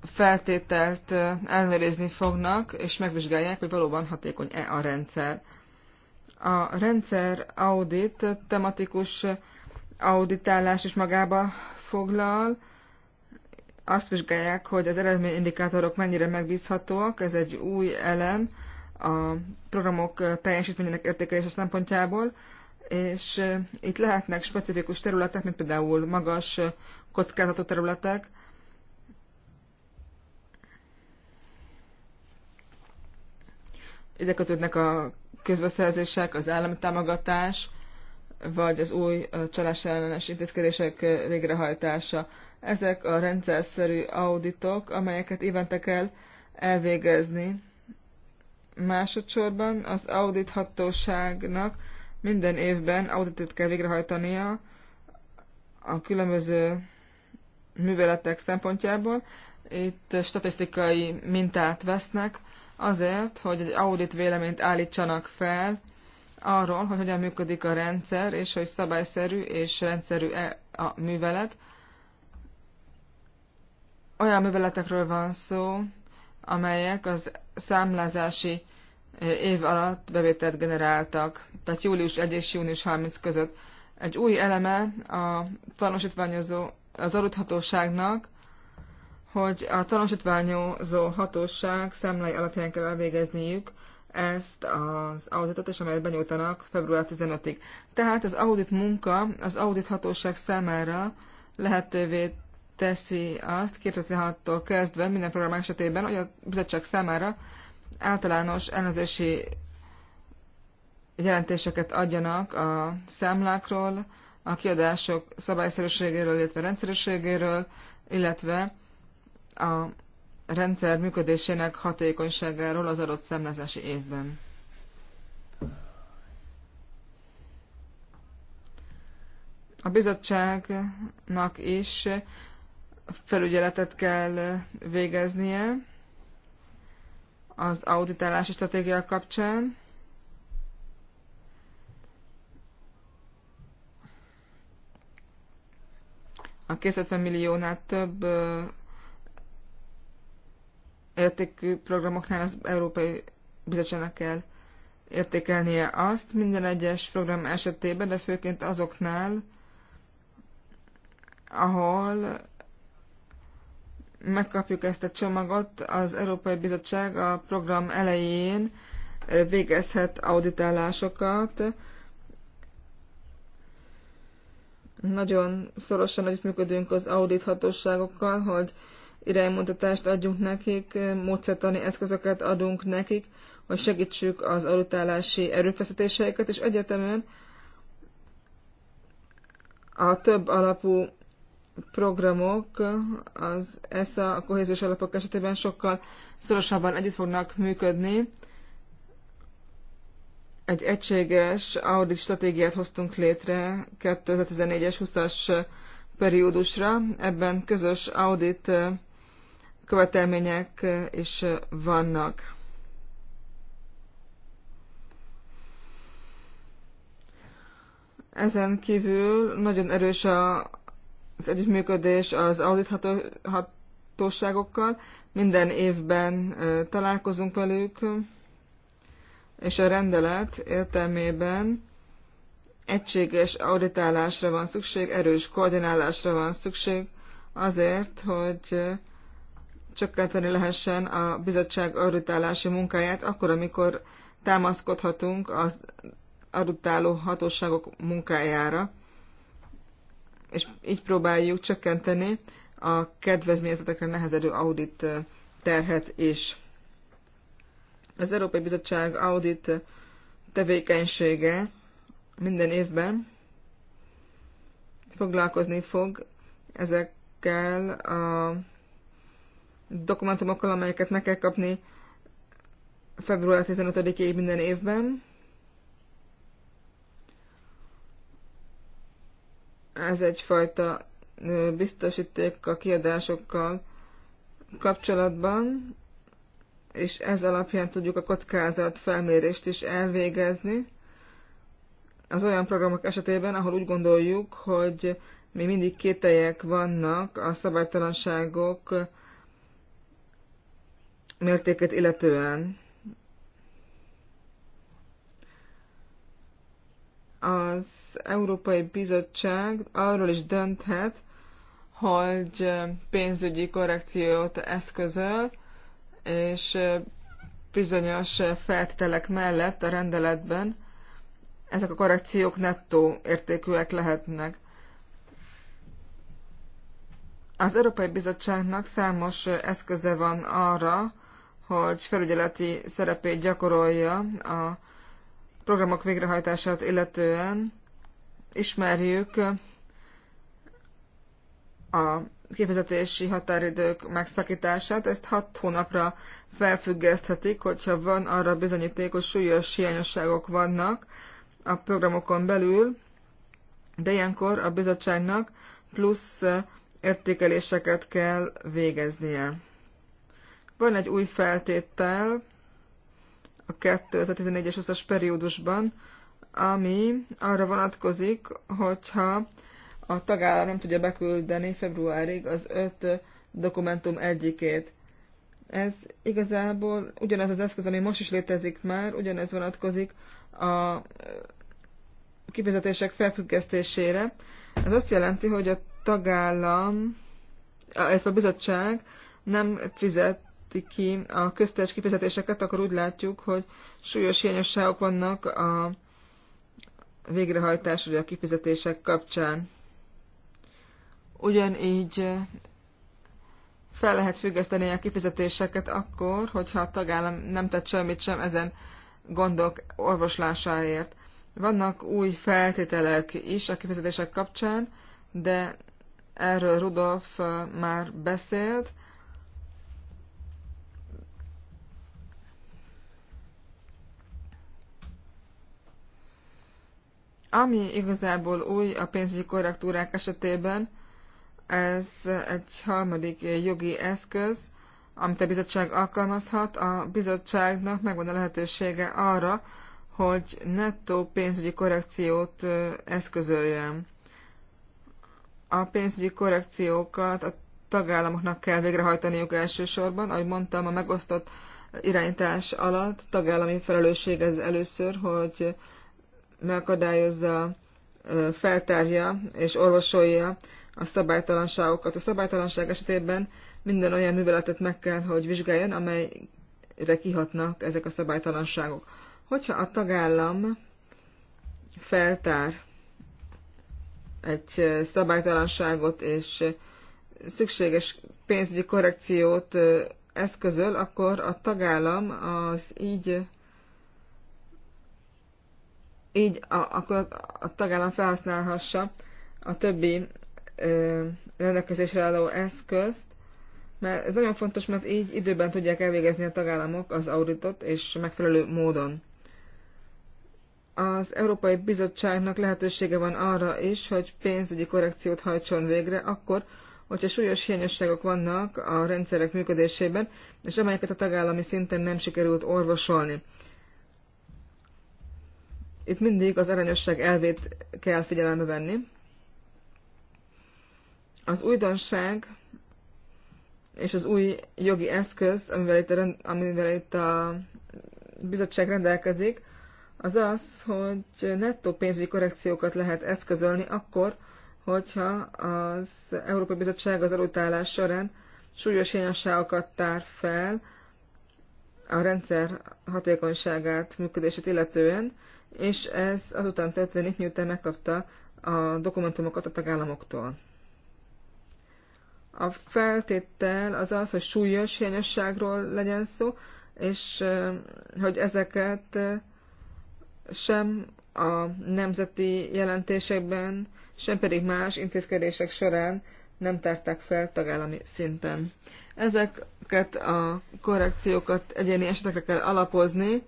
feltételt ellenőrizni fognak, és megvizsgálják, hogy valóban hatékony-e a rendszer. A rendszer audit tematikus auditálás is magába foglal, azt vizsgálják, hogy az eredményindikátorok mennyire megbízhatóak, ez egy új elem a programok teljesítményének értékelése szempontjából, és itt lehetnek specifikus területek, mint például magas kockázatú területek, Ide kötődnek a közbeszerzések, az állami támogatás, vagy az új csalás ellenes intézkedések végrehajtása. Ezek a rendszerszerű auditok, amelyeket évente kell elvégezni. Másodszorban az audithatóságnak minden évben auditot kell végrehajtania a különböző műveletek szempontjából. Itt statisztikai mintát vesznek azért, hogy egy audit véleményt állítsanak fel arról, hogy hogyan működik a rendszer, és hogy szabályszerű és rendszerű-e a művelet. Olyan műveletekről van szó, amelyek az számlázási e, év alatt bevételt generáltak, tehát július 1 és június 30 között. Egy új eleme a tanúsítványozó az aludhatóságnak hogy a tanúsítványozó hatóság szemlei alapján kell elvégezniük ezt az auditot, és amelyet benyújtanak február 15-ig. Tehát az audit munka az audit hatóság számára lehetővé teszi azt 2006-tól kezdve minden program esetében, hogy a bizottság számára általános elnözési jelentéseket adjanak a számlákról, a kiadások szabályszerűségéről, illetve rendszerűségéről, illetve a rendszer működésének hatékonyságáról az adott szemlezési évben. A bizottságnak is felügyeletet kell végeznie az auditálási stratégia kapcsán. A 250 milliónál több értékű programoknál az Európai Bizottságnak kell értékelnie azt minden egyes program esetében, de főként azoknál, ahol megkapjuk ezt a csomagot, az Európai Bizottság a program elején végezhet auditálásokat. Nagyon szorosan együttműködünk az audithatóságokkal, hogy iránymutatást adjunk nekik, módszertani eszközöket adunk nekik, hogy segítsük az alutálási erőfeszítéseiket, és egyetemen a több alapú programok az ESA, a kohéziós alapok esetében sokkal szorosabban együtt fognak működni. Egy egységes audit stratégiát hoztunk létre 2014-es 20-as periódusra. Ebben közös audit követelmények is vannak. Ezen kívül nagyon erős a, az együttműködés az audithatóságokkal. Minden évben találkozunk velük, és a rendelet értelmében egységes auditálásra van szükség, erős koordinálásra van szükség azért, hogy csökkenteni lehessen a bizottság arutálási munkáját, akkor, amikor támaszkodhatunk az arutáló hatóságok munkájára, és így próbáljuk csökkenteni a kedvezményezetekre nehezedő audit terhet is. Az Európai Bizottság audit tevékenysége minden évben foglalkozni fog ezekkel a dokumentumokkal, amelyeket meg kell kapni február 15-ig minden évben. Ez egyfajta biztosíték a kiadásokkal kapcsolatban, és ez alapján tudjuk a kockázat felmérést is elvégezni. Az olyan programok esetében, ahol úgy gondoljuk, hogy még mindig kételjek vannak a szabálytalanságok mértéket illetően. Az Európai Bizottság arról is dönthet, hogy pénzügyi korrekciót eszközöl, és bizonyos feltételek mellett a rendeletben ezek a korrekciók nettó értékűek lehetnek. Az Európai Bizottságnak számos eszköze van arra, hogy felügyeleti szerepét gyakorolja a programok végrehajtását illetően. Ismerjük a kifizetési határidők megszakítását, ezt hat hónapra felfüggeszthetik, hogyha van arra bizonyíték, hogy súlyos hiányosságok vannak a programokon belül, de ilyenkor a bizottságnak plusz értékeléseket kell végeznie. Van egy új feltétel a 2014-es 20-as periódusban, ami arra vonatkozik, hogyha a tagállam nem tudja beküldeni februárig az öt dokumentum egyikét. Ez igazából ugyanaz az eszköz, ami most is létezik már, ugyanez vonatkozik a kifizetések felfüggesztésére. Ez azt jelenti, hogy a tagállam, a bizottság nem fizet ki a köztes kifizetéseket, akkor úgy látjuk, hogy súlyos hiányosságok vannak a végrehajtás, vagy a kifizetések kapcsán. Ugyanígy fel lehet függeszteni a kifizetéseket akkor, hogyha a tagállam nem tett semmit sem ezen gondok orvoslásáért. Vannak új feltételek is a kifizetések kapcsán, de erről Rudolf eh, már beszélt, Ami igazából új a pénzügyi korrektúrák esetében, ez egy harmadik jogi eszköz, amit a bizottság alkalmazhat. A bizottságnak megvan a lehetősége arra, hogy nettó pénzügyi korrekciót eszközöljön. A pénzügyi korrekciókat a tagállamoknak kell végrehajtaniuk elsősorban. Ahogy mondtam, a megosztott irányítás alatt tagállami felelősség ez először, hogy megakadályozza, feltárja és orvosolja a szabálytalanságokat. A szabálytalanság esetében minden olyan műveletet meg kell, hogy vizsgáljon, amelyre kihatnak ezek a szabálytalanságok. Hogyha a tagállam feltár egy szabálytalanságot és szükséges pénzügyi korrekciót eszközöl, akkor a tagállam az így így a, a tagállam felhasználhassa a többi ö, rendelkezésre álló eszközt, mert ez nagyon fontos, mert így időben tudják elvégezni a tagállamok az auditot, és megfelelő módon. Az Európai Bizottságnak lehetősége van arra is, hogy pénzügyi korrekciót hajtson végre akkor, hogyha súlyos hiányosságok vannak a rendszerek működésében, és amelyeket a tagállami szinten nem sikerült orvosolni itt mindig az arányosság elvét kell figyelembe venni. Az újdonság és az új jogi eszköz, amivel itt a, amivel itt a bizottság rendelkezik, az az, hogy nettó pénzügyi korrekciókat lehet eszközölni akkor, hogyha az Európai Bizottság az adótállás során súlyos hiányosságokat tár fel a rendszer hatékonyságát, működését illetően, és ez azután történik, miután megkapta a dokumentumokat a tagállamoktól. A feltétel az az, hogy súlyos hiányosságról legyen szó, és hogy ezeket sem a nemzeti jelentésekben, sem pedig más intézkedések során nem tárták fel tagállami szinten. Ezeket a korrekciókat egyéni esetekre kell alapozni,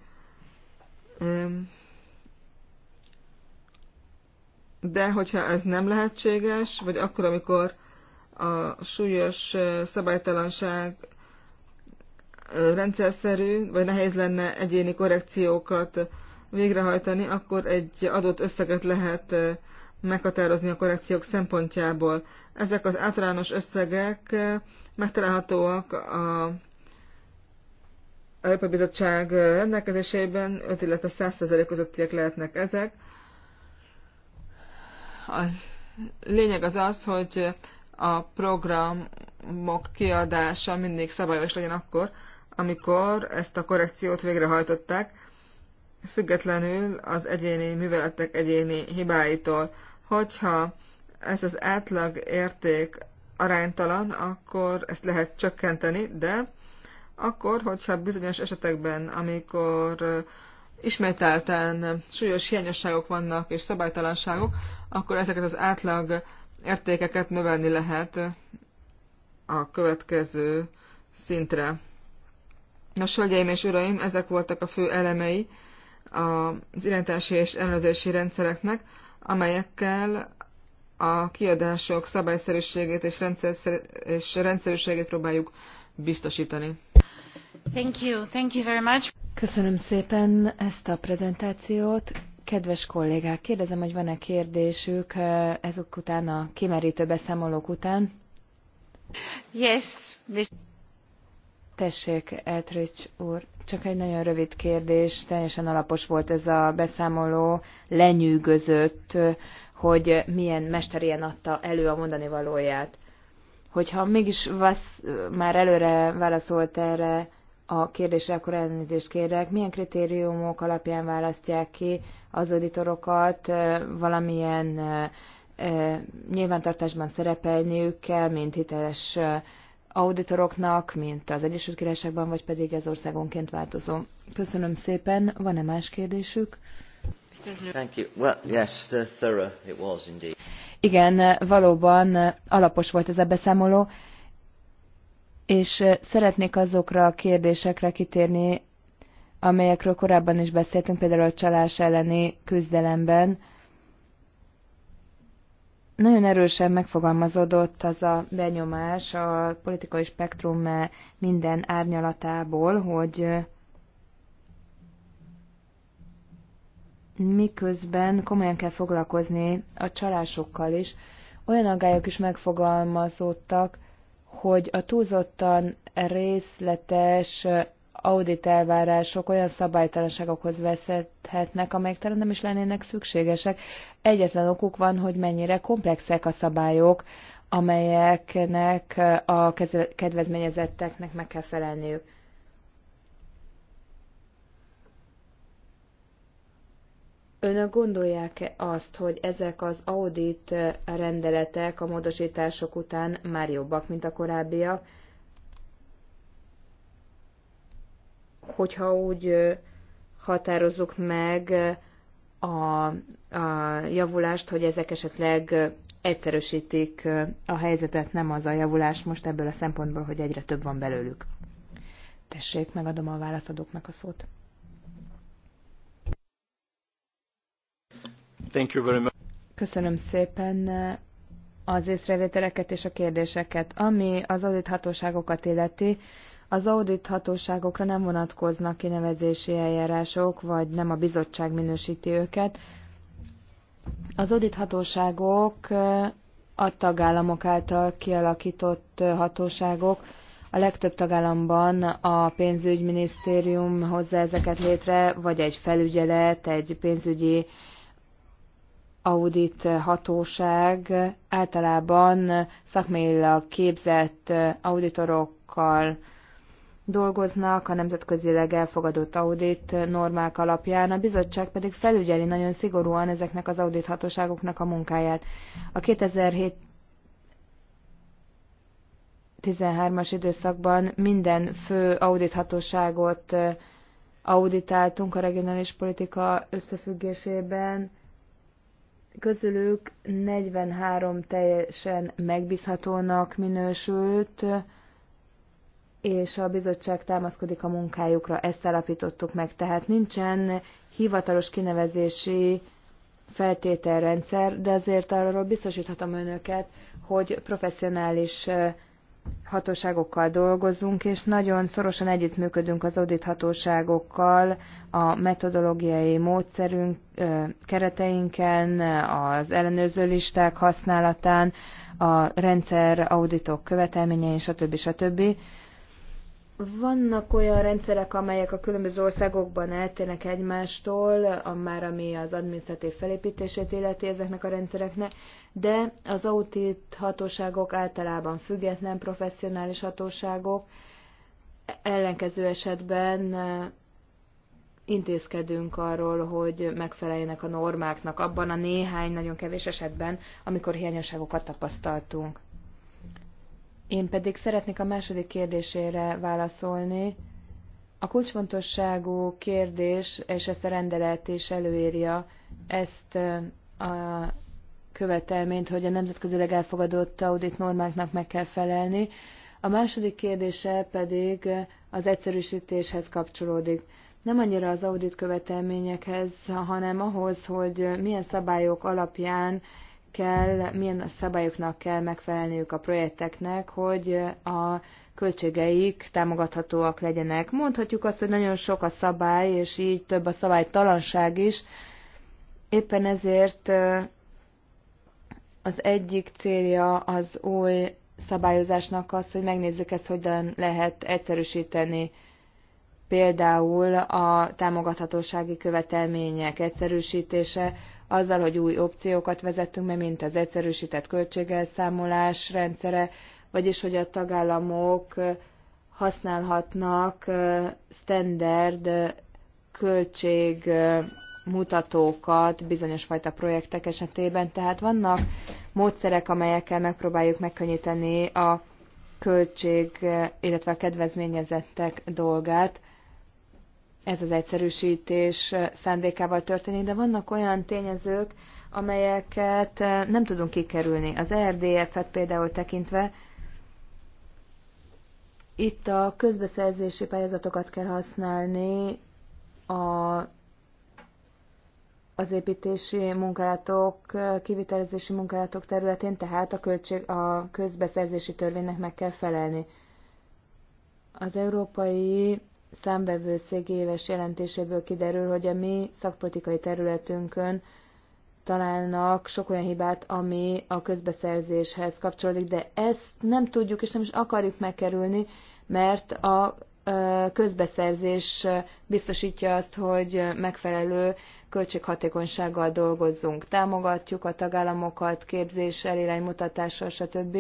de hogyha ez nem lehetséges, vagy akkor, amikor a súlyos szabálytalanság rendszerszerű, vagy nehéz lenne egyéni korrekciókat végrehajtani, akkor egy adott összeget lehet meghatározni a korrekciók szempontjából. Ezek az általános összegek megtalálhatóak a Európai Bizottság rendelkezésében, 5 illetve 100% közöttiek lehetnek ezek. A lényeg az az, hogy a programok kiadása mindig szabályos legyen akkor, amikor ezt a korrekciót végrehajtották, függetlenül az egyéni műveletek egyéni hibáitól. Hogyha ez az átlag érték aránytalan, akkor ezt lehet csökkenteni, de akkor, hogyha bizonyos esetekben, amikor ismételten súlyos hiányosságok vannak és szabálytalanságok, akkor ezeket az átlag értékeket növelni lehet a következő szintre. Nos, hölgyeim és uraim, ezek voltak a fő elemei az irányítási és ellenőrzési rendszereknek, amelyekkel a kiadások szabályszerűségét és, rendszer, és rendszerűségét próbáljuk biztosítani. Thank you. Thank you very much. Köszönöm szépen ezt a prezentációt. Kedves kollégák, kérdezem, hogy van-e kérdésük eh, ezek után, a kimerítő beszámolók után? Yes, Mr. Tessék, Eltrich úr, csak egy nagyon rövid kérdés, teljesen alapos volt ez a beszámoló, lenyűgözött, hogy milyen mester ilyen adta elő a mondani valóját. Hogyha mégis vasz, már előre válaszolt erre, a kérdésre, akkor elnézést kérek. Milyen kritériumok alapján választják ki az auditorokat valamilyen nyilvántartásban szerepelniük kell, mint hiteles auditoroknak, mint az Egyesült Királyságban, vagy pedig ez országonként változó. Köszönöm szépen. Van-e más kérdésük? Thank you. Well, yes, uh, thorough it was indeed. Igen, valóban alapos volt ez a beszámoló és szeretnék azokra a kérdésekre kitérni, amelyekről korábban is beszéltünk, például a csalás elleni küzdelemben. Nagyon erősen megfogalmazódott az a benyomás a politikai spektrum minden árnyalatából, hogy miközben komolyan kell foglalkozni a csalásokkal is, olyan aggályok is megfogalmazódtak, hogy a túlzottan részletes audit elvárások olyan szabálytalanságokhoz veszethetnek, amelyek talán nem is lennének szükségesek. Egyetlen okuk van, hogy mennyire komplexek a szabályok, amelyeknek a kedvezményezetteknek meg kell felelniük. Önök gondolják-e azt, hogy ezek az audit eh, rendeletek a módosítások után már jobbak, mint a korábbiak? Hogyha úgy eh, határozzuk meg eh, a, a javulást, hogy ezek esetleg egyszerűsítik a helyzetet, nem az a javulás most ebből a szempontból, hogy egyre több van belőlük. Tessék, megadom a válaszadóknak a szót. Köszönöm szépen az észrevételeket és a kérdéseket. Ami az audithatóságokat illeti, az audithatóságokra nem vonatkoznak kinevezési eljárások, vagy nem a bizottság minősíti őket. Az audithatóságok a tagállamok által kialakított hatóságok, a legtöbb tagállamban a pénzügyminisztérium hozza ezeket létre, vagy egy felügyelet, egy pénzügyi audit hatóság általában szakmailag képzett auditorokkal dolgoznak a nemzetközileg elfogadott audit normák alapján, a bizottság pedig felügyeli nagyon szigorúan ezeknek az audit hatóságoknak a munkáját. A 2007 13-as időszakban minden fő audithatóságot auditáltunk a regionális politika összefüggésében, közülük 43 teljesen megbízhatónak minősült, és a bizottság támaszkodik a munkájukra, ezt állapítottuk meg. Tehát nincsen hivatalos kinevezési feltételrendszer, de azért arról biztosíthatom önöket, hogy professzionális hatóságokkal dolgozunk, és nagyon szorosan együttműködünk az audit hatóságokkal a metodológiai módszerünk kereteinken, az ellenőrző listák használatán, a rendszer auditok követelményein, stb. stb. stb. Vannak olyan rendszerek, amelyek a különböző országokban eltérnek egymástól, a már ami az adminisztratív felépítését illeti ezeknek a rendszereknek, de az audit hatóságok általában független professzionális hatóságok, ellenkező esetben intézkedünk arról, hogy megfeleljenek a normáknak abban a néhány, nagyon kevés esetben, amikor hiányosságokat tapasztaltunk. Én pedig szeretnék a második kérdésére válaszolni. A kulcsfontosságú kérdés, és ezt a rendelet is előírja, ezt a követelményt, hogy a nemzetközileg elfogadott audit normáknak meg kell felelni. A második kérdése pedig az egyszerűsítéshez kapcsolódik. Nem annyira az audit követelményekhez, hanem ahhoz, hogy milyen szabályok alapján kell, milyen szabályoknak kell megfelelniük a projekteknek, hogy a költségeik támogathatóak legyenek. Mondhatjuk azt, hogy nagyon sok a szabály, és így több a szabálytalanság is. Éppen ezért az egyik célja az új szabályozásnak az, hogy megnézzük ezt, hogyan lehet egyszerűsíteni például a támogathatósági követelmények egyszerűsítése, azzal, hogy új opciókat vezettünk be, mint az egyszerűsített költségelszámolás rendszere, vagyis hogy a tagállamok használhatnak standard költségmutatókat bizonyos fajta projektek esetében. Tehát vannak módszerek, amelyekkel megpróbáljuk megkönnyíteni a költség, illetve a kedvezményezettek dolgát ez az egyszerűsítés szándékával történik, de vannak olyan tényezők, amelyeket eh, nem tudunk kikerülni. Az e RDF-et például tekintve itt a közbeszerzési pályázatokat kell használni a, az építési munkálatok, kivitelezési munkálatok területén, tehát a, költség, a közbeszerzési törvénynek meg kell felelni. Az európai számbevőszék éves jelentéséből kiderül, hogy a mi szakpolitikai területünkön találnak sok olyan hibát, ami a közbeszerzéshez kapcsolódik, de ezt nem tudjuk és nem is akarjuk megkerülni, mert a közbeszerzés biztosítja azt, hogy megfelelő költséghatékonysággal dolgozzunk. Támogatjuk a tagállamokat képzéssel, iránymutatással, stb.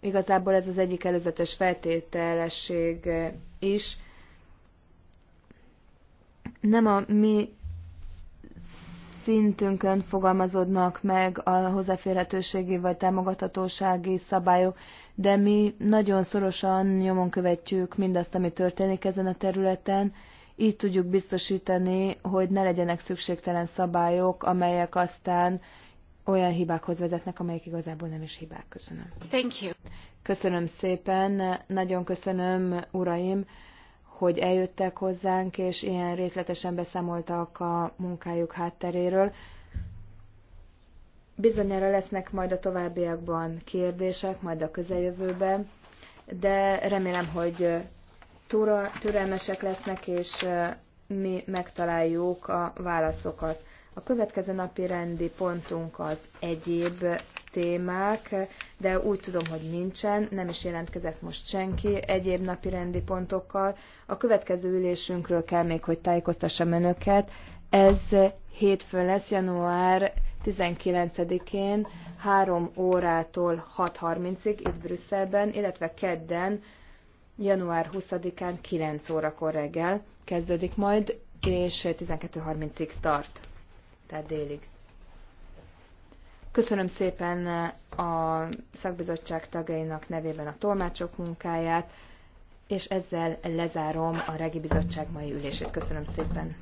Igazából ez az egyik előzetes feltételesség is, nem a mi szintünkön fogalmazódnak meg a hozzáférhetőségi vagy támogathatósági szabályok, de mi nagyon szorosan nyomon követjük mindazt, ami történik ezen a területen, így tudjuk biztosítani, hogy ne legyenek szükségtelen szabályok, amelyek aztán olyan hibákhoz vezetnek, amelyek igazából nem is hibák. Köszönöm. Thank you. Köszönöm szépen, nagyon köszönöm, uraim hogy eljöttek hozzánk, és ilyen részletesen beszámoltak a munkájuk hátteréről. Bizonyára lesznek majd a továbbiakban kérdések, majd a közeljövőben, de remélem, hogy türelmesek lesznek, és mi megtaláljuk a válaszokat. A következő napi rendi pontunk az egyéb témák, de úgy tudom, hogy nincsen, nem is jelentkezett most senki egyéb napi rendi pontokkal. A következő ülésünkről kell még, hogy tájékoztassam önöket. Ez hétfőn lesz, január 19-én 3 órától 6.30-ig itt Brüsszelben, illetve kedden, január 20-án 9 órakor reggel kezdődik majd, és 12.30-ig tart, tehát délig. Köszönöm szépen eh, a szakbizottság tagjainak nevében a tolmácsok munkáját, és ezzel lezárom a Regi Bizottság mai ülését. Köszönöm szépen!